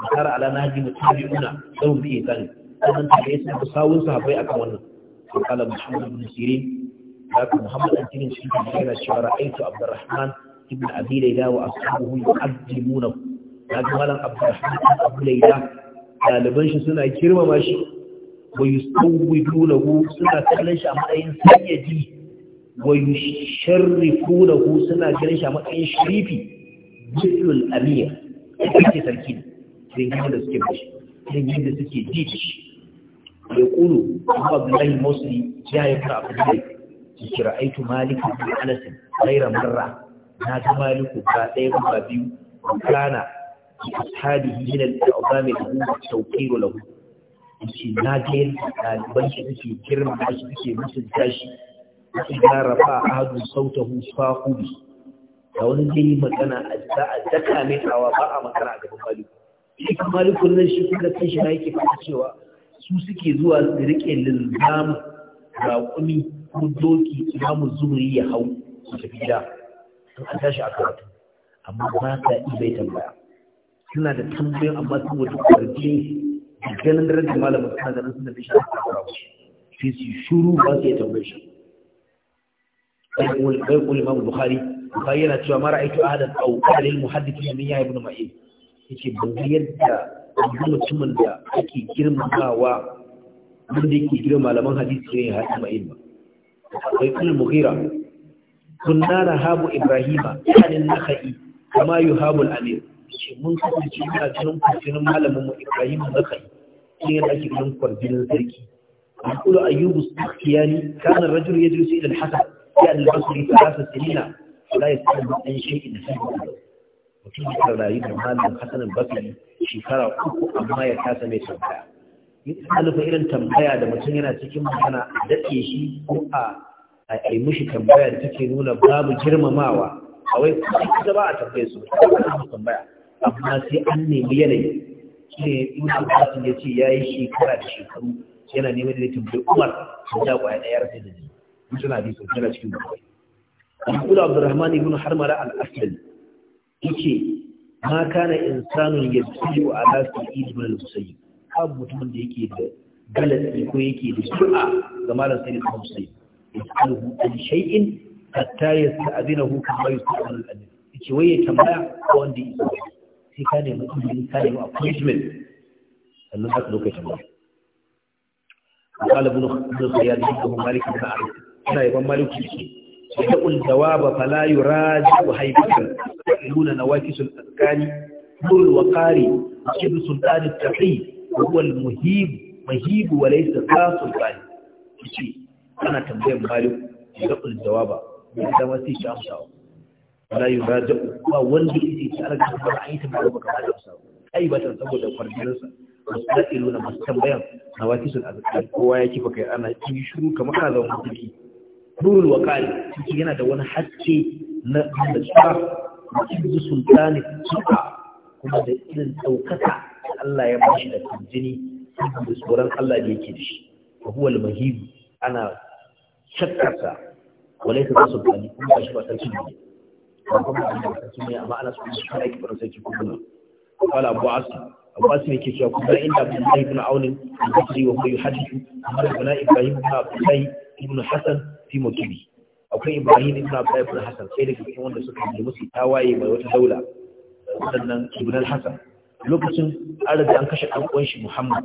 shekara ala naji mutabi'una lahum bi ihsan sannan da ya sanya sawun sahabbai akan wannan to kala muhammad ibn sirin da muhammad ibn sirin shi ne yana cewa ra'aytu abdurrahman ibn abi layla wa ashabuhu yu'azzimuna da ga malam abdurrahman ibn abi layla daliban shi suna kirmama shi wa yustawwidunahu suna kallon shi a matsayin sayyidi wa yusharrifunahu suna ganin shi a matsayin sharifi bisul amir ake sarki ne irin yadda suke bashi irin yadda suke ji shi ya kulu abu abdullahi mosri ya yi kara abu da ki kira aitu maliku bin anasin gaira marra na ta maliku ba ɗaya ba biyu kana ki ashabihi min al-azami lahu tawqiru lahu yace na ga yadda ɗaliban shi suke girma shi suke mutunta shi idan rafa ahadu sautahu faqubi da wani gini magana a daka mai tsawa ba a magana a gaban maliku shi kuma malikun nan shi kuma kan shi na yake fata cewa su suke zuwa su rike linzamu raƙumi ko doki imamu zuri ya hau su tafi gida sun an tashi a karatu amma ba ka yi bai tambaya suna da tambayin amma saboda ƙarfi da ganin darajar malamin suna ganin suna da shi a karatu sai su shuru ba su yi tambayar shi bai kuli imamu bukhari bukhari yana cewa mara aiki ahadan au kalil muhaddisi min ya ibnu ma'in yace ban yadda amma mutumin da ake girmamawa wanda yake girma malaman hadisi ne ya haɗu ma'ilma akwai kul mughira kunna rahabu ibrahima kanin naka'i kama Habu al-amir shi mun kasance muna ganin kwarjinin malamin mu ibrahim naka'i shi yadda ake ganin kwarjinin sarki يقول أيوب السختياني كان الرجل يجلس إلى الحسن كان البصري ثلاث سنين ولا يستعمل أي شيء في mutum ya rayu da malam hasanin bakri shekara uku amma ya kasa mai tambaya alifa irin tambaya da mutum yana cikin magana a daɗe shi ko a a yi mushi tambaya da take nuna babu girmamawa a wai kusa ba a tambaye su ba tambaya amma sai an nemi yanayi shi ne yusuf ya ce ya yi shekara da shekaru yana neman da tambayi umar sun ja kwaya ɗaya rasa da jini mutum na bi sun cikin bakwai. Abdul Abdurrahman ibn Harmara al-Aslami yake ma kana insanun yasiru ala sa'id ibn al-musayyib abu mutumin da yake da galati ko yake da su'a ga malam sa'id ibn al-musayyib yasaluhu an shay'in hatta yasta'dinahu kama yasta'dinu al-adil yace wai ya tambaya ko wanda yake sai ka nemi izini ka nemi appointment sannan haka lokacin ba قال ابن خيال بن مالك Yana yaban الله بن مالك يدعو الجواب فلا يراجع هيبة يقولون نواكس الأذكار نور الوقار نصيب سلطان التقي وهو المهيب مهيب وليس ذا سلطان أنا تنبيه مالك يدعو da wasu shi wala yi raja wanda yake ci ala ga ba ai ba kamar amsa ai ba ta saboda kwarjinin sa wasu da ilu na masu tambayan na kowa yake kifa kai ana yi shiru kamar ka zama mutuki nurul wakali shi yana da wani haske na da suka da sultani suka kuma da irin da Allah ya bashi da jini da tsoron Allah da yake da shi fa huwa al ana shakkarsa walaysa sultani kuma ba shi ba sarki ne ba kuma ba sarki ne amma ana so shi kai ba sarki kuma qala abu asim وقاسم يكيش يقول عند عبد الله بن عون البصري وهو يحدث عن ابن إبراهيم بن عبد الله بن حسن في مكيبي akwai ibrahim ibn abdullahi ibn hasan sai da cikin wanda suka yi musu tawaye mai wata daula sannan ibn al-hasan lokacin an an kashe dan uwan shi muhammad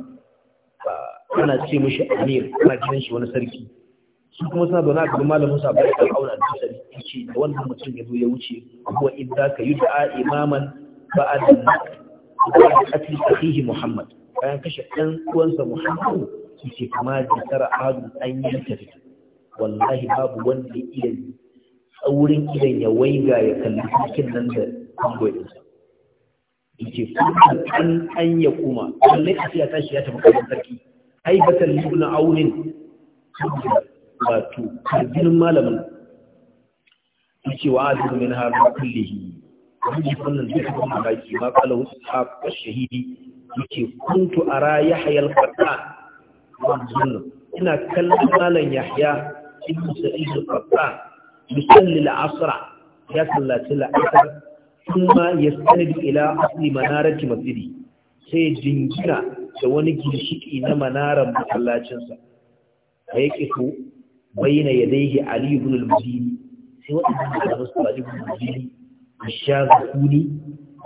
ana ce mishi amir ana kiran shi wani sarki su kuma suna zaune a gaban malamin sa bai kan auna da sarki yace da wannan mutum ya zo ya wuce kuwa idda ka yi yud'a imaman ba'ad bayan katli Muhammad bayan kashe ɗan uwansa Muhammad ce kama da tara adu an yi tafi wallahi babu wanda iya tsaurin idan ya waiga ya kalli cikin nan da kango din ce kuma an an ya kuma lalle a ya tashi ya tafi kan sarki aibatan ibn aunin wato karbin malamin ce wa adu min har kullihi wani wannan duka ban mamaki ma kala wasu sahabba shahidi yake kuntu ara yahya al-qattan wannan ina kallon malam yahya ibn sa'id al-qattan yusalli al-asr ya sallati al-asr kuma yastanidu ila asli manarati masjidi sai jingina da wani ginshiƙi na manaran masallacinsa a yake ko bayyana yadaihi ali ibn al-madini sai waɗannan da su ibn al-madini الشاذلي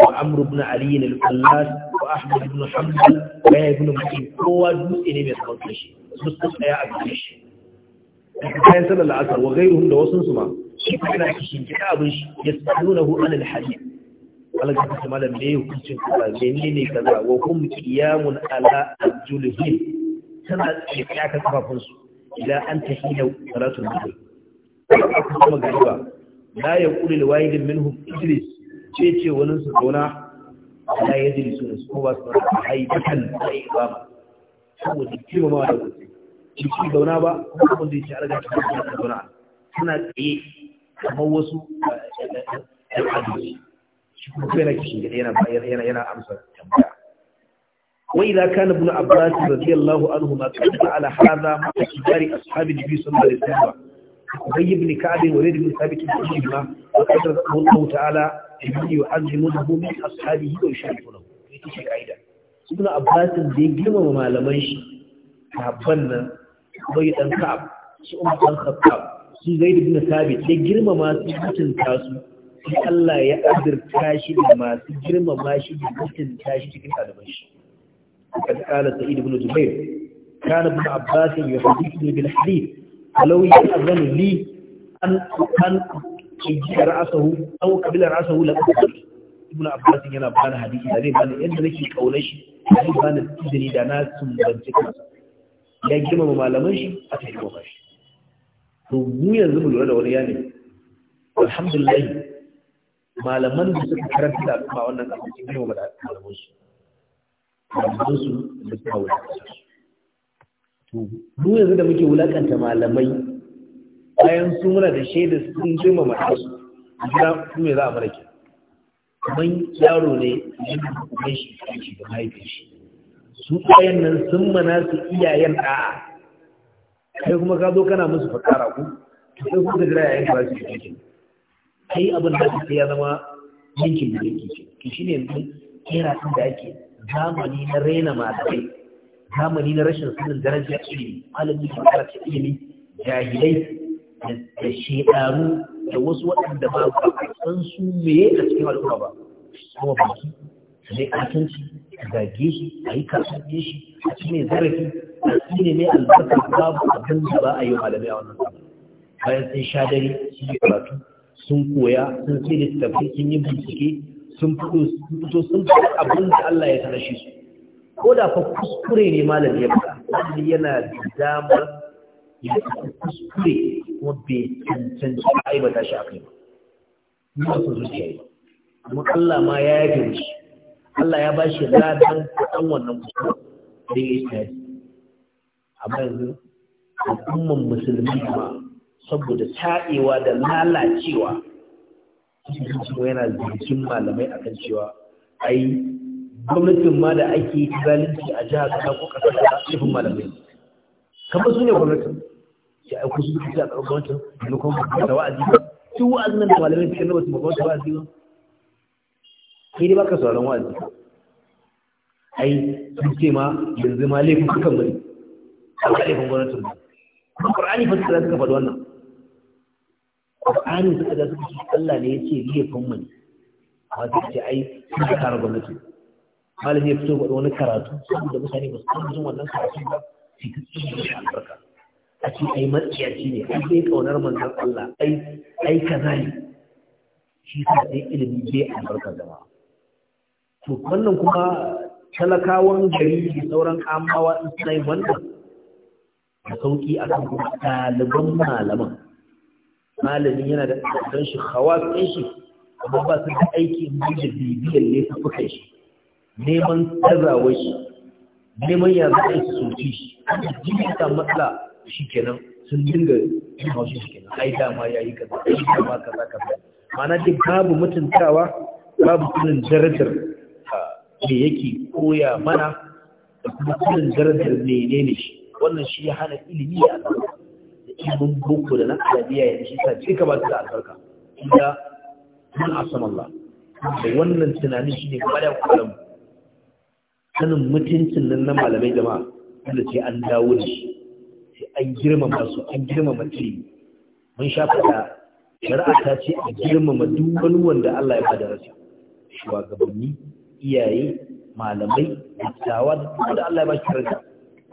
وعمرو بن علي الفلاس وأحمد بن حنبل ويا ابن مكي هو جزء ne mai sauƙin shi mutum ɗaya a cikin shi kayan sallar la'asar wa gairuhum da wasu su ma shi kuma yana kishin gida abin shi ya nuna hu anil hadith wala ga kuma malam ne hukuncin kaza menene kaza wa hum qiyamun ala ajulihim tana tsaye ka su an kuma la yaqulu li wahidin minhum idris ce ce wani su zauna la yajlisu su ko ba su zauna haibatan sai ba saboda ma da kuce shi ci zauna ba kuma kun zai arga ta zauna suna tsaye kamar wasu al'adu eh, eh, eh, shi kuma kai na kishin gida yana yana yana amsa tambaya وإذا كان ابن عباس رضي الله عنهما قد فعل هذا مع كبار أصحاب النبي صلى الله عليه وسلم أي ابن كعب وليد بن ثابت الحجمة وقدره الله تعالى الذي يعزمونه من أصحابه ويشارك له يتشع عيدا ابن أبناس ديقلم وما لميش كعبنا بيت الكعب سؤمة الخطاب سيد بن ثابت ديقلم ما سيحة الكاسو في الله يقدر كاشي لما سيجرم ما شيء يقدر كاشي تكن على مش قد قال سيد بن جبير كان ابن عباس يحدثني بالحديث ولو يأذن لي أن أن أجيء رأسه أو قبل رأسه لا أقبل ابن عباس ينا بان هذه هذه بان إن لك كونش هذه بان إذن دنا ثم بنتك يا جماعة ما لمش أتحي بخش هو مو يزم الولد ولا يعني الحمد لله ما لمن بسك كرت لا ما أننا نسيبه ولا ما لمش ما لمش بسماه ولا بسماه to duk yanzu da muke wulakanta malamai bayan su muna da shaidar sun girma masu gida su me za a mara ke kamar yaro ne da hukumai shi shi da mahaifin shi su bayan nan sun mana su iyayen da. kai kuma ka zo kana musu fakara ku sai kuma jira yayin da za su yi kai abin da ake ya zama yankin da yake ke shi shine yanzu kera ɗin da ake zamani na raina malamai zamani na rashin sanin daraja ilimi malami fara karanta ilimi jahilai da shekaru da wasu waɗanda ba ba san su meye a cikin al'umma ba kuma baki zai kasanci zage shi a yi kasance shi a cikin zarafi a tsine mai albarka babu abin da ba a yi malamai a wannan bayan sun sha dare sun yi karatu sun koya sun sai littafi sun yi bincike sun fito sun fito abin da Allah ya sanar shi su ko da fa kuskure ne malam ya fara wani yana da damar ya kuskure kuma bai cancanci aibata shi a kai ba ni ba su zuciya yi kuma Allah ma ya yafe shi. Allah ya bashi ladan kaɗan wannan kuskure da ya yi amma yanzu al'umman musulmi ba saboda taɗewa da lalacewa su yana zikin malamai akan cewa ai gwamnatin ma da ake zalunci a jihar kasa ko kasa da shafin malamai kamar su ne gwamnatin ya aiko su duka a gwamnatin da kuma da wa'azi su wa'azi nan da malamai cikin nawa su magwamnati wa'azi ba kai dai baka sauran wa'azi ai sun ce ma yanzu ma laifin kukan bari a laifin gwamnatin ba Qur'ani fa suka suka faɗi wannan Qur'ani suka da suka ce Allah ne ya ce laifin mu ne a wata ce ai sun ka kara gwamnati malami ya fito ga wani karatu saboda mutane ba su san jin wannan karatu ba sai ta tsaye da albarka a ce ai matsiyaci ne ai bai kaunar manzon Allah ai ai kaza ne shi sa sai ilimi bai albarka zama to wannan kuma talakawan gari da sauran kamawa in suna wannan da sauki akan kuma ɗaliban malaman malamin yana da ɗan shi hawa ɗin shi amma ba su da aiki mai da bibiyar ne ta fuka shi neman tazawar shi neman ya za a yi soci shi jini ta matsala shi kenan sun dinga yin haushi shi kenan ai dama ya yi kaza ai dama kaza kaza ma'ana duk babu mutuntawa babu kunin darajar da ah, yake koya mana da kuma kullum darajar ne shi wannan shi ya hana ilimi a da ilimin boko da na arabiya ya shi sa cika ba su da albarka ita a asamallah da wannan tunanin shi ne kuma da mu. sanin mutuncin nan na malamai jama'a wanda sai an dawo da shi sai an girmama su an girmama ilimi mun sha fada shari'a ta ce a girmama duk wani wanda Allah ya bada rasa shugabanni iyaye malamai dattawa da duk wanda Allah ya ba shi rasa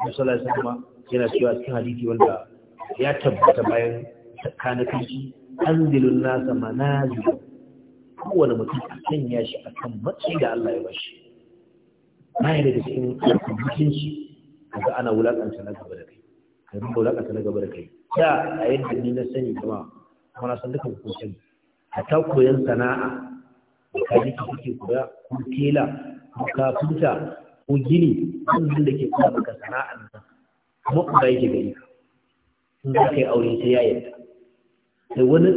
musallar kuma yana cewa cikin hadisi wanda ya tabbata bayan tsakanin sakanakanci anzilun nasa manazil kowane mutum a sanya shi akan matsayi da Allah ya bashi ya daga cikin shi kaga ana wulakanta na gaba da kai kai ba wulakanta na gaba da kai da a yadda ni na sani kuma kuma na san dukan hukuncin ta koyon sana'a ka niki ke kuda, ko tela ko kafinta ko gini ko kan da ke kuma baka sana'an nan kuma ku ga yake gari in za ka yi aure sai ya yadda sai wani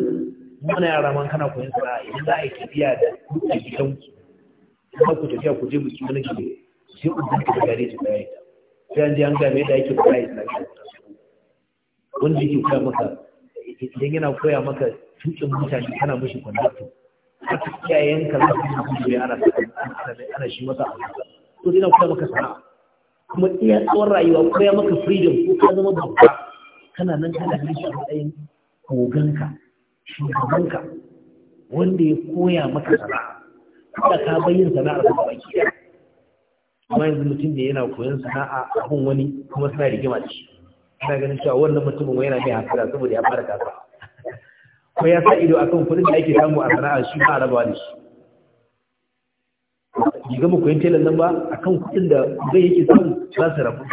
muna yara man kana koyon sana'a idan za a yi tafiya da kuka gidanku za ku tafiya ku je biki wani gidanku sai ubin ka gare ta kaya ita sai an je an game da yake kaya ita wanda yake koya maka idan yana koya maka tukin mutane kana mishi kwanakto haka iyayenka za su yi kuɗi ana ana shi a abuwa to yana koya maka sana'a kuma iya tsawon rayuwa koya maka freedom ko ka zama babba kana nan kana yin shi a matsayin koganka shugabanka wanda ya koya maka sana'a kada ka bayyin sana'ar ka baki ɗaya amma yanzu mutum ne yana koyon sana'a a abun wani kuma suna rigima da shi ana ganin cewa wannan mutumin wani yana mai hankala saboda ya fara kasa ko ya sa ido akan kuɗin da ake samu a sana'a shi ma rabawa da shi bai gama koyon tailor nan ba akan kuɗin da zai yake samu za su rabu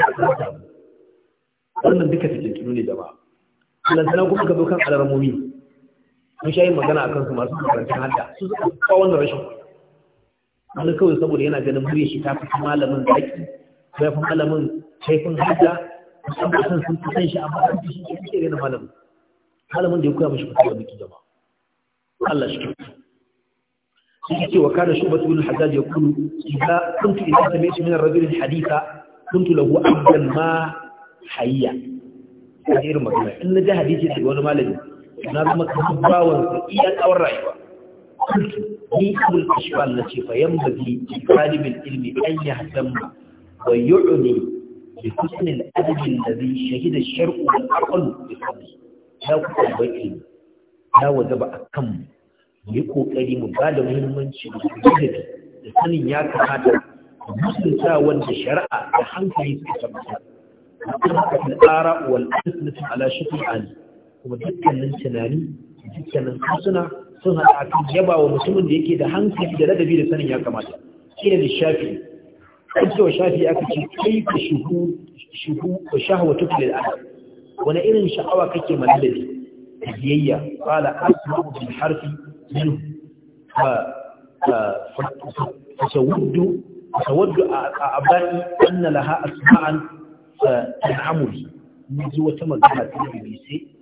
wannan duka ta kinu ne da ba sannan sanan kuma ka zo kan alarmomi mun sha yin magana akan su masu karantar hadda su suka kawo wannan rashin kuɗi wani kawai saboda yana ganin murya shi ta fi malamin zaki ya fi malamin shaifin hajja musamman san sun fi san shi amma an fi shi ke fi ganin malamin malamin da ya koya mashi kusa da biki jama Allah shi kyau sun ce wa kana shubat bin hajjaj ya kulu idza kuntu idza sami'tu min ar-rajul haditha kuntu lahu abdan ma hayya kaje irin magana in na ji hadisi daga wani malami na zama kamar bawan iya tsawon rayuwa ni abul ashwal na ce fayan bagi ɗalibin ilmi an yi hasamma wa yu'uni bi husnil adabin da zai shahida shar'u da arƙalu da sabi ya ku ɗalibin ilmi ya wajaba a kanmu mu yi ƙoƙari mu ba da muhimmanci da gudunmi da sanin ya kamata da wanda shari'a da hankali suka tabbata mutum da tsara wal ala shukun ali kuma dukkanin tunani dukkanin kasuna sun hada akan yaba wa mutumin da yake da hankali da ladabi da sanin ya kamata kila da shafi an wa shafi aka ce kai ka shuhu shuhu wa shahwatu lil adam wani irin sha'awa kake Da biyayya qala asma'u bil harfi minhu fa فسود فسود أبائي أن لها أسماء magana نجي وتمجمع sai.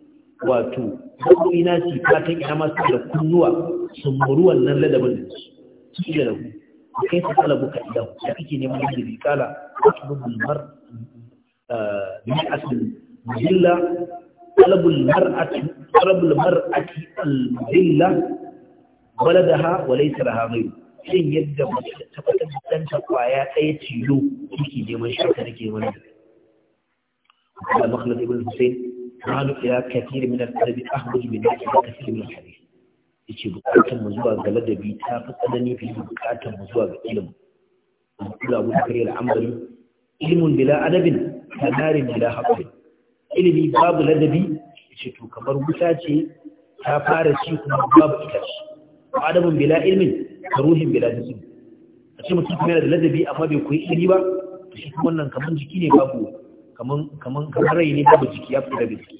wato haƙoƙi na su fatan ina masu da kunnuwa sun muru wannan ladabin da su su da rahu a kai su kala ka iya da kake neman da bi kala asibin bulmar bi eh, asibin mujilla talabul mar'ati talabul mar'ati al-mujilla waladaha wa laysa laha ghayr shin yadda mace ta fata ta kwaya ɗaya tilo kike neman ka nake wannan da Makhlad ibn husayn ya قالوا إلى كثير من الأدب أخرج من إلى كثير من الحديث yace bukatar mu zuwa ga ladabi ta fi tsanani fiye da mu zuwa ga ilimi kula abu kare al'amari ilimin bila adabin kanarin bila haƙuri ilimi babu ladabi yace to kamar wuta ce ta fara ci kuma babu ita ce adabin bila ilmin ka ruhin bila jisim a ce mutum kuma yana da ladabi amma bai koyi ilimi ba shi wannan kamar jiki ne babu kaman kaman kamar rai ne ba jiki ya fi da gaske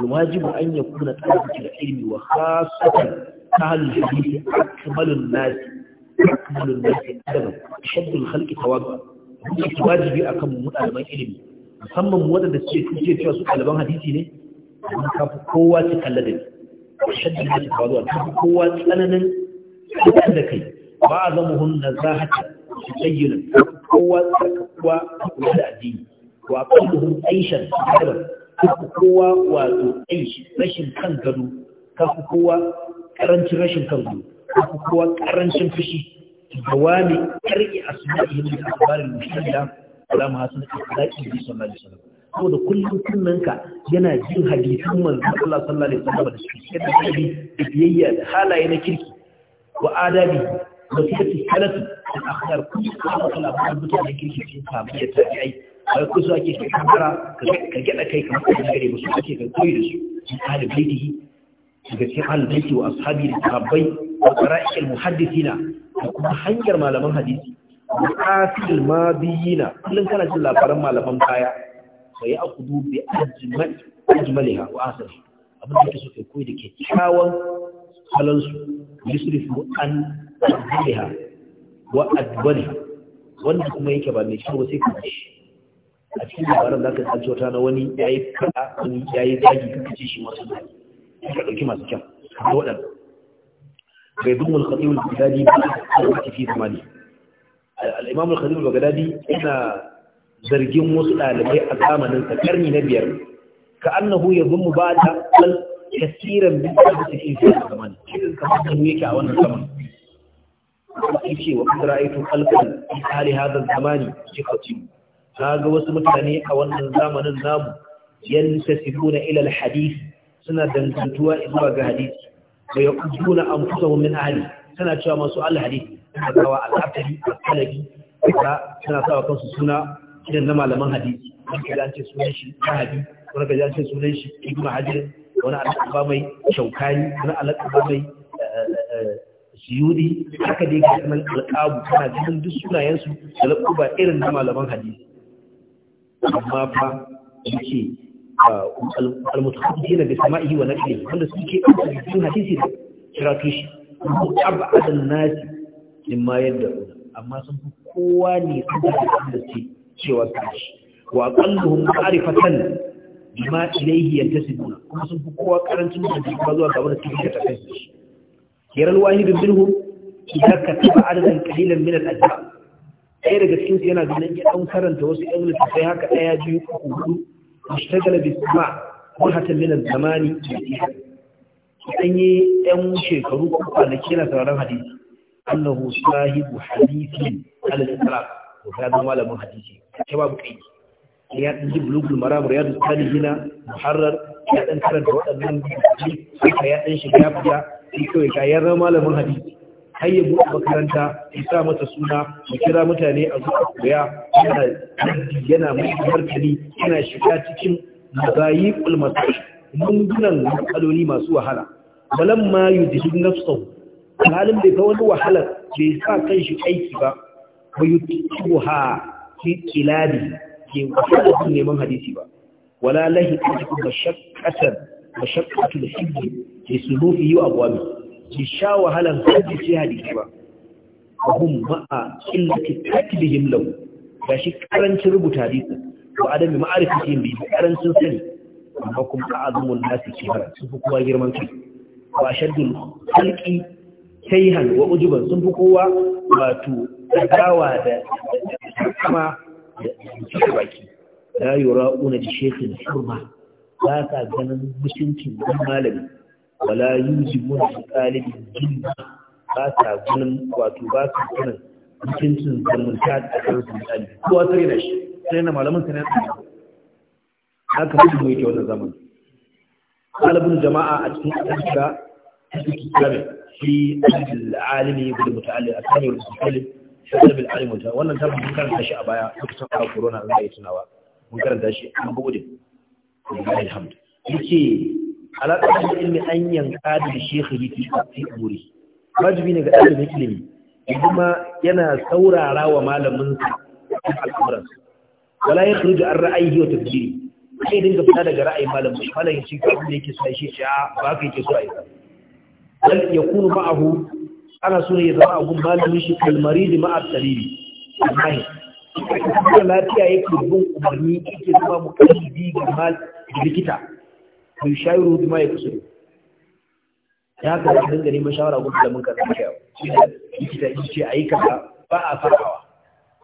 yumajibu an yakuna da ilmi wa khassatan ahlul hadith akmalun nas akmalun nas adaba shaddul khalqi tawaddu yake wajibi akan mu ɗaliban ilimi musamman mu waɗanda suke kuce cewa su ɗaliban hadisi ne amma ka fi kowa ci kalla da ni shaddul khalqi tawaddu ka fi kowa tsananin fitar da kai ba a zama hun na zahata su kowa tsarkakuwa a kula da addini wa kulluhum aishan kadan kafu kowa wato aishi rashin kan gado kafu kowa karancin rashin kan gado kafu kowa karancin fushi dawami kar'i asma'ihim bi akbarin mushahida wala ma hasan akhlaqi bi sallallahu alaihi wasallam ko da kullum kunnanka yana jin hadisin manzo Allah sallallahu alaihi wasallam da shi da shi da biyayya da halaye na kirki wa adabi da suka tisalatu da akhbar kullu kana kana da kirki ta tabiyyar tabi'ai a ko ake ka kankara ka gyada kai kamar kan gare musu ake ka koyi da su in ahli baitihi daga cikin ahli baiti wa ashabi da sahabbai wa qara'ikal muhaddisina, da kuma hanyar malaman hadisi wa qatil mabiyina kullun kana jin labaran malaman baya fa ya akudu bi ajmal ajmaliha wa asali abin da kake kai koyi da kyakkyawan halansu yusrifu an ajmaliha wa adwaliha wanda kuma yake ba mai kyau sai ka shi a cikin labaran za ka tsanci wata na wani ya yi kada wani ya yi zagi ka kace shi masu zagi ka ɗauki masu kyau da waɗanda bai bin mulkaɗi mulkaɗi ba a wata fi zamani al'imam mulkaɗi mulkaɗi yana zargin wasu ɗalibai a zamanin sa karni na biyar ka annahu ya zummu ba da ɗan kasiran bin da su fi zamani cikin kamar da yake a wannan zaman kuma ce wa kusura'aitu alkan hali hadar zamani cikin kaga wasu mutane a wannan zamanin namu yantasibuna ila alhadith suna dangantuwa zuwa ga hadisi da yaquluna anfusahum min ahli suna cewa masu alhadith kawa al-atari al-halabi suna sawa kansu suna irin na malaman hadisi wani kaji an ce sunan shi sahabi wani kaji an sunan shi ibnu hajar wani alƙaba mai shaukani wani alƙaba mai eh, eh, eh, siyudi haka dai ga nan alƙabu kana cikin duk sunayensu da laƙuba irin na malaman hadisi amma fa yake ah, al-mutahaddin bi sama'ihi wa naqli wanda suke cikin hadisi da shirafi shi ab'ad an-nas mimma yad'u amma sun fi kowa ne sun da suke cewa kashi wa aqalluhum ma'rifatan bima ilayhi yantasibuna kuma sun fi kowa karancin da ba zuwa ga wani cikin da kai shi yaral wahidun minhum idza kataba adadan qalilan min al-ajzab ɗaya daga cikin su yana ganin ya ɗan karanta wasu ƴan littattafai haka ɗaya biyu uku hudu mushtagala bi sama ko hatan mina zamani ɗan yi ɗan shekaru ko kwanaki yana sauran hadisi annahu sahibu hadisi ala al-islam ko ya zama malamin hadisi ke babu kai ya ɗan ji bulugul maram riyadu salihina muharrar ya ɗan karanta waɗannan hadisi haka ya ɗan shiga fita sai kawai ka ya malamin hadisi har ya buɗe makaranta ya sa mata suna ya kira mutane a zuwa koya yana yana mai martani yana shiga cikin mazayi ulmasai mungunan matsaloli masu wahala balamma yudhi nafsuhu halin bai ga wani wahalar bai sa kan shi aiki ba ba yi tuhu ha kiladi ke wahalar neman hadisi ba wala lahi ta cikin mashakkatar mashakkatar hijji ke sunufi yi wa abuwa ki sha wahalan hadisi hadisi ba ma'a مع قلة تكلهم له gashi karancin rubuta hadisi wa adami ma'arifatihim bi karancin sani amma kuma azumun nasi kibara sun fi kowa girman kai wa shaddul khalqi sayhan wa ujuban sun fi kowa wato dawa da kuma da cikin baki la yura'una bi shaykhin hurma ba sa ganin mutuncin malami wala yujibu da talibin jin ba ta gunin wato ba ta gunin mutuncin zamanta da kan misali kowa sai na shi sai na malamin sai na haka mutum zaman jama'a a cikin asirka kame shi da a kan yau da wannan ta mun karanta shi a baya lokacin fara corona an zai tunawa mun karanta shi an alaƙar da ilmi an yanka da shekhi yake a umuri wajibi ne ga ɗalibin ilimi kuma yana saurara wa malaminsa cikin al'amuransa wala ya kuru da an ra'ayi wa tafsiri sai dinga fita daga ra'ayin malamin malam ya ce ka abin da yake so shi ya ba ka yake so a yi dan ya kunu ma'ahu ana so ne ya zama abun malamin shi kalmari da ma'a talibi amma kuma lafiya yake bin umarni yake zama mukallibi ga likita bai shayiru bima ya kusuru ya haka da dinga neman shawara gudu da mun karɓi kyau shi da shi ce a yi kaza ba a sabawa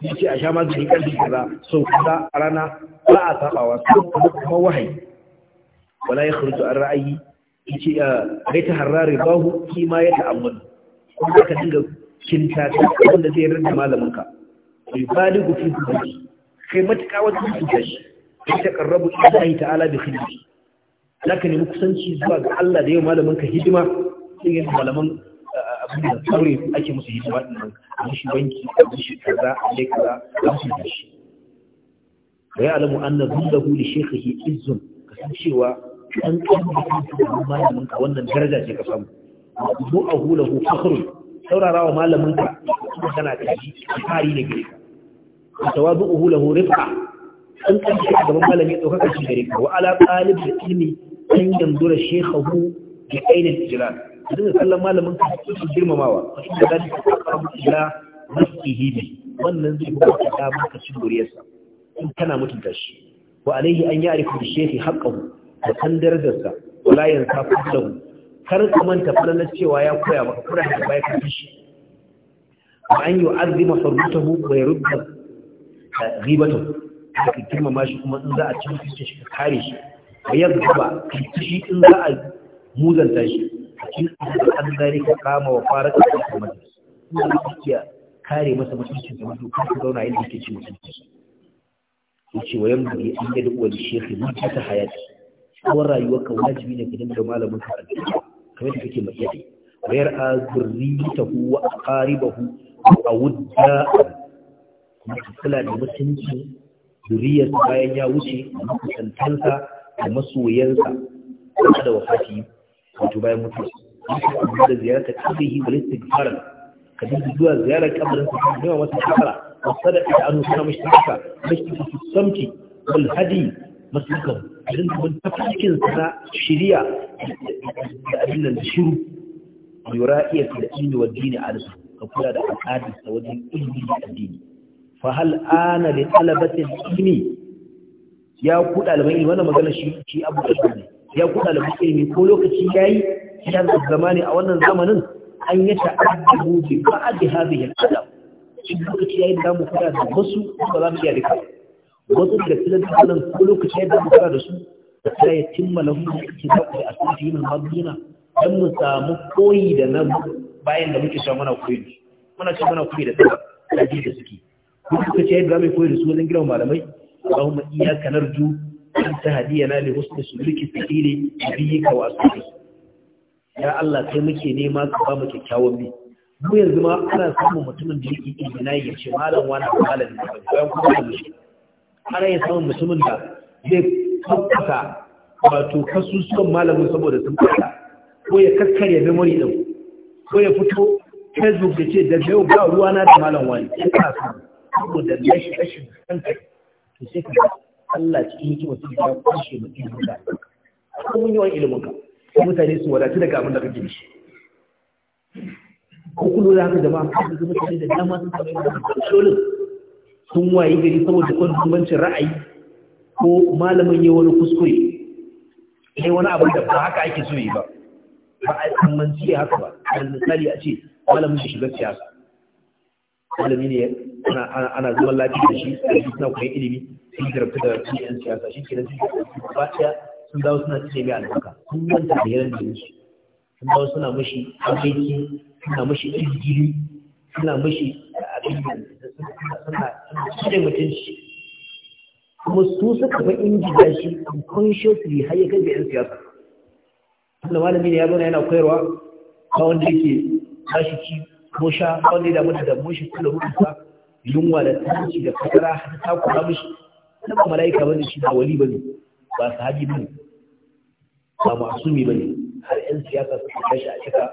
shi ce a sha magani karfi kaza sau kaza a rana ba a sabawa sau kuma wahayi wala ya kharuju an ra'ayi ce a bai ta harare bahu kima ya ta'ammalu kuma ka dinga kinta ta wanda zai rinda malamin ka bai baligu fi kuma kai matuƙa wata mutunta shi ta karrabu ilahi ta'ala bi khidmati zaka nemi kusanci zuwa ga Allah da yau malamin ka hidima sai yin malaman eh, abin da sauri ake musu hidima din nan a mishi banki a mishi kaza a mishi kaza a mishi da shi wa ya'lamu anna dhullahu li shaykhihi izzun kasancewa an kamba da malamin ka wannan daraja ce ka samu wa ahu lahu fakhrun saurarawa malamin ka kana da shi fari da gare ka tawadu'uhu lahu rifqa an kanci a gaban malami daukakar shi gare ka wa ala qalib da ilmi an dandura shekhahu bi ainin ijlal idan ka kallon malamin ka su girmamawa fa inda kaka aqrabu ila masjihi hibi wannan zai ba ka maka cin guriyarsa in kana mutunta shi wa alaihi an ya'rifu bi shekhi haqqahu da san darajarsa wala yansa kullahu kar ka manta falalar cewa ya koya maka kura da bai ka shi wa an yu'azzima hurmatahu wa yurda ghibatahu ka girmama shi kuma in za a ci mutunci shi ka kare shi a yadda shi in za a muzanta shi in an gani ka kama wa fara da kuma majalis in an kiya kare masa mutuncin da mutu kan su zauna yadda yake ci mutunci ya ce wa yamma ya an yadda uwa da shekhi mun ta hayati tsawon rayuwar ka wajibi ne ka dinga malamin ka addu'a kamar da kake mai yadi wa yar'a zurriyatahu wa hu a awudda kuma kula da mutuncin zuriyar bayan ya wuce da mutuntansa a masoyansa kuma da wafati wato bayan mutuwa yake abu da ziyarta kabihi wal istighfar ka dinga zuwa ziyarar kabarin sa kuma yawa wata shekara wa sadaka ta annu sana mishi haka mishi su samti wal hadi maslukan idan kuma tafakin sa shiriya da abin nan shiru yura iya da ilmi wa dini ka kula da al'adar sa wajen ilmi da addini fa hal ana da talabati ilmi ya ku ɗaliban ilimi magana shi shi abu da ne ya ku ɗaliban ilimi ko lokaci ya yi ya zama ne a wannan zamanin an yi ta'addabu bi ba'ad hadhihi al-adab shi lokaci ya yi da mu fara da wasu ba za mu iya rika wasu da tilan tilan ko lokaci ya yi da mu kula da su da ta ya cimma timma lahu da kake da ku a cikin yin madina dan mu samu koyi da nan bayan da muke samu na koyi muna ce muna koyi da tsara da suke duk lokaci ya yi da mu koyi da su wajen gidan malamai اللهم إياك نرجو أن تهدينا لحسن سلوك سبيل نبيك وأصحابه يا الله kai muke nema ka ba mu kyakkyawan bi mu yanzu ma ana samun mutumin da yake ijina ya ce malam wani malam ne bayan kuma da mushi ana yin samun mutumin da zai kakkasa wato kasusuwan malamin saboda sun fada ko ya kakkarya memory din ko ya fito facebook da ce da yau ba ruwana da malam wani ya kasa saboda rashin rashin hankali to sai ka Allah cikin hikima sun ya kwashe mutum ya ga ko yi yawan ilimin ka sai mutane su wadatu daga abin da kake da shi ko kullu da haka jama'a ka ga mutane da dama sun samu da sholin sun waye gari saboda kwanzumancin ra'ayi ko malamin ya wani kuskure ne wani abin da ba haka ake so yi ba ba a tsammanci haka ba misali a ce malamin shi shiga siyasa malami ne ana zaman lafiya da shi da shi suna koyon ilimi sun zarfi da su yan siyasa shi kenan sun ba ɗaya sun dawo suna cike mai albarka sun manta da yaran da yanzu sun dawo suna mashi aiki suna mashi izgiri suna mashi abin da suna cire mutunci kuma su suka fa injida shi unconsciously har ya kai da yan siyasa wanda malami ne ya zauna yana koyarwa ba wanda yake tashi ci musha wanda ya damu da mushi ko da rubuta yunwa da tsanci da fakara har ta kula mushi na ba mala'ika bane shi ba wali bane ba sahabi bane ba masumi bane har yan siyasa su kashi a cika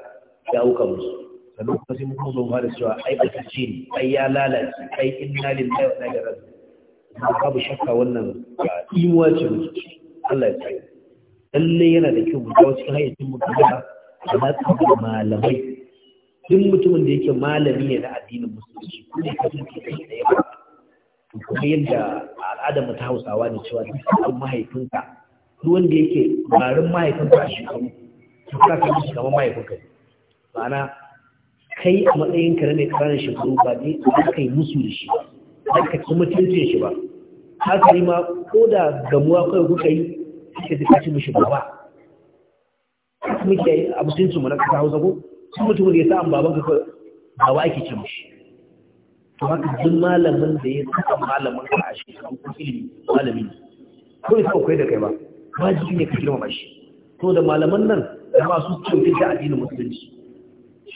ya auka musu sannan kuma sai mun zo ba da cewa ai ba ce ne ai ya lalace ai inna lillahi wa inna ilaihi raji'un babu shakka wannan ba imuwa ce mutunci Allah ya tsaye lalle yana da kyau mu dawo cikin hayyacin mu da malamai duk mutumin da yake malami ne na addinin musulunci ko ne ka ke kai yawa to kuma yadda al'adar mu ta hausawa ne cewa duk kan mahaifinka duk wanda yake garin mahaifinka a shekaru to ka kan shi kamar mahaifinka ne ma'ana kai a matsayin ka na ne ƙananan shekaru ba ne ba ka yi musu da shi ba ka ci mutuncin shi ba haka ma ko da gamuwa kawai kuka yi suka ji ci mishi kuma kiyaye a musulunci mu na ƙasa hausa ko sun mutum da ya sa baban ka ba wa ake cin shi to haka duk malamin da ya sa malamin ka a shi ko ilimi malami ne ko ya sa kai da kai ba wajibi ne ka girmama shi to da malaman nan da ba su cikin da addinin musulunci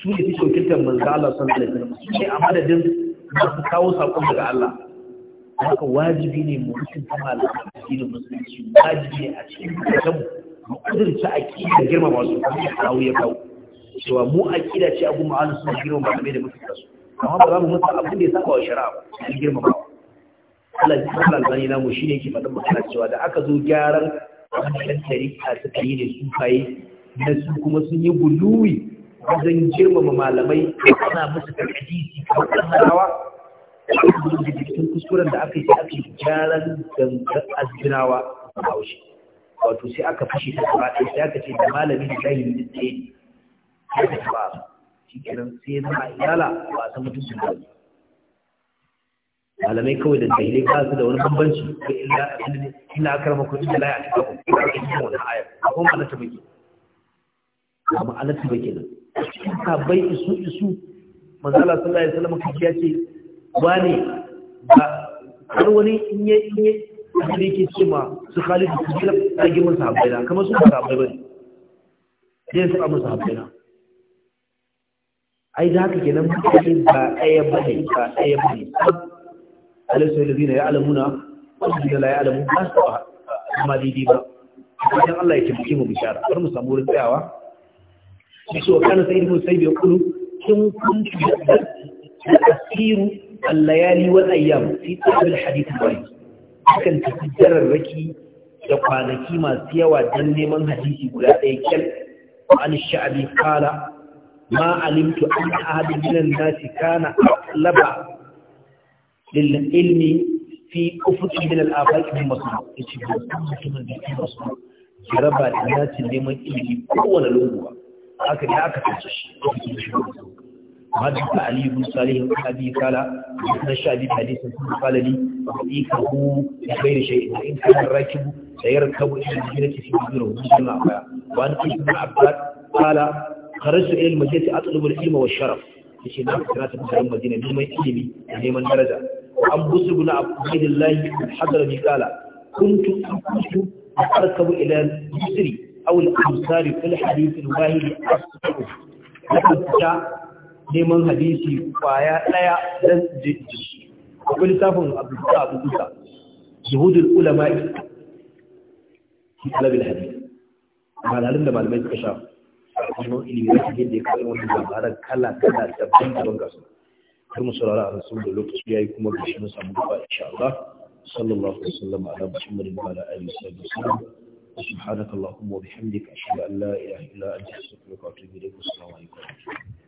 su ne fi cikin da manzo Allah sallallahu alaihi wasallam su ne a madadin masu kawo sakon daga Allah haka wajibi ne mu mutunta malaman addinin musulunci wajibi ne a cikin kanmu mu kudurta aqida girmama su kuma kawo ya kawo cewa mu aqida ce abu ma'alu sun girma ba game da mutunta su amma ba za mu mutu abin da ya saba wa shari'a ba da girma ba Allah ya tsara albani na mu shine ke faɗin magana cewa da aka zo gyaran wannan tarika suka yi ne su faye na su kuma sun yi guluwi wajen girmama malamai ana musu hadisi kamar harawa da cikin kuskuren da aka yi aka yi gyaran gangar azginawa a haushe wato sai aka fashe ta gaba sai aka ce da malami da zahiri da tsaye sai ka taɓa shi sai ya zama ba a san mutuncin da malamai kawai da jahilai ba su da wani bambanci ko illa aka rama kudin da laya a cikin kuma ba a cikin wani ayar akwai ma'anar ta bake ba ma'anar ta bake nan cikin bai isu isu manzala sallallahu alaihi wasallam kaji ya ce ba ba har wani in ya in ya abin yake ce ma su khalidu su jira ta gimin sahabbai na kamar su sahabbai ba ne zai saba musu sahabbai na ai da haka kenan mutane ba ɗaya ba ne ba ɗaya ba ne alisai da zina ya alamuna wasu da la ya alamu ba su amma daidai ba wajen Allah ya taimake mu bishara bari mu samu wurin tsayawa shi so kana sai mu sai bai kulu kin kun asiru al-layali wal ayyam fi tabil hadith al-wahid kan tajarar raki da kwanaki masu yawa dan neman hadisi guda ɗaya kyal an sha'abi kala ma alimtu an ahadin minan nasi kana laba lil ilmi fi ufuqin min al afaq min masal yace ba mutumin da ke masal ki raba da nasi neman ilimi kowane lungu haka da aka tace shi وحدث علي بن صالح بن أبي قال حدثنا الشعبي بحديث ثم قال لي وحقيقه بغير شيء وإن كان الراكب سيركب إلى المدينة في مدينه مسلم أخويا وأن ابن عباس قال kharajtu ila al ta atlubu al-ilma wa sharaf yace na fara ta mutanen Madina neman ilimi da neman daraja an busu bin Abdullah al-Hadrami kala kuntu kuntu arkabu ila al-Misri aw al-Amsar fi hadisin hadith al-wahid asbu lakata neman hadisi kwaya daya dan jiji akwai littafin Abdullah Abu Isa zuhudul ulama fi talab al-hadith malalin da malamai suka shafa wannan ilimi da ke da kai wannan labaran kala kala daban daban ga su kar mu saurara a rasul da lokaci yayi kuma ga shi mun samu gaba insha Allah sallallahu alaihi wasallam ala muhammadin wa ala alihi allah ila اللهم وبحمدك أشهد أن لا إله إلا أنت أستغفرك وأتوب إليك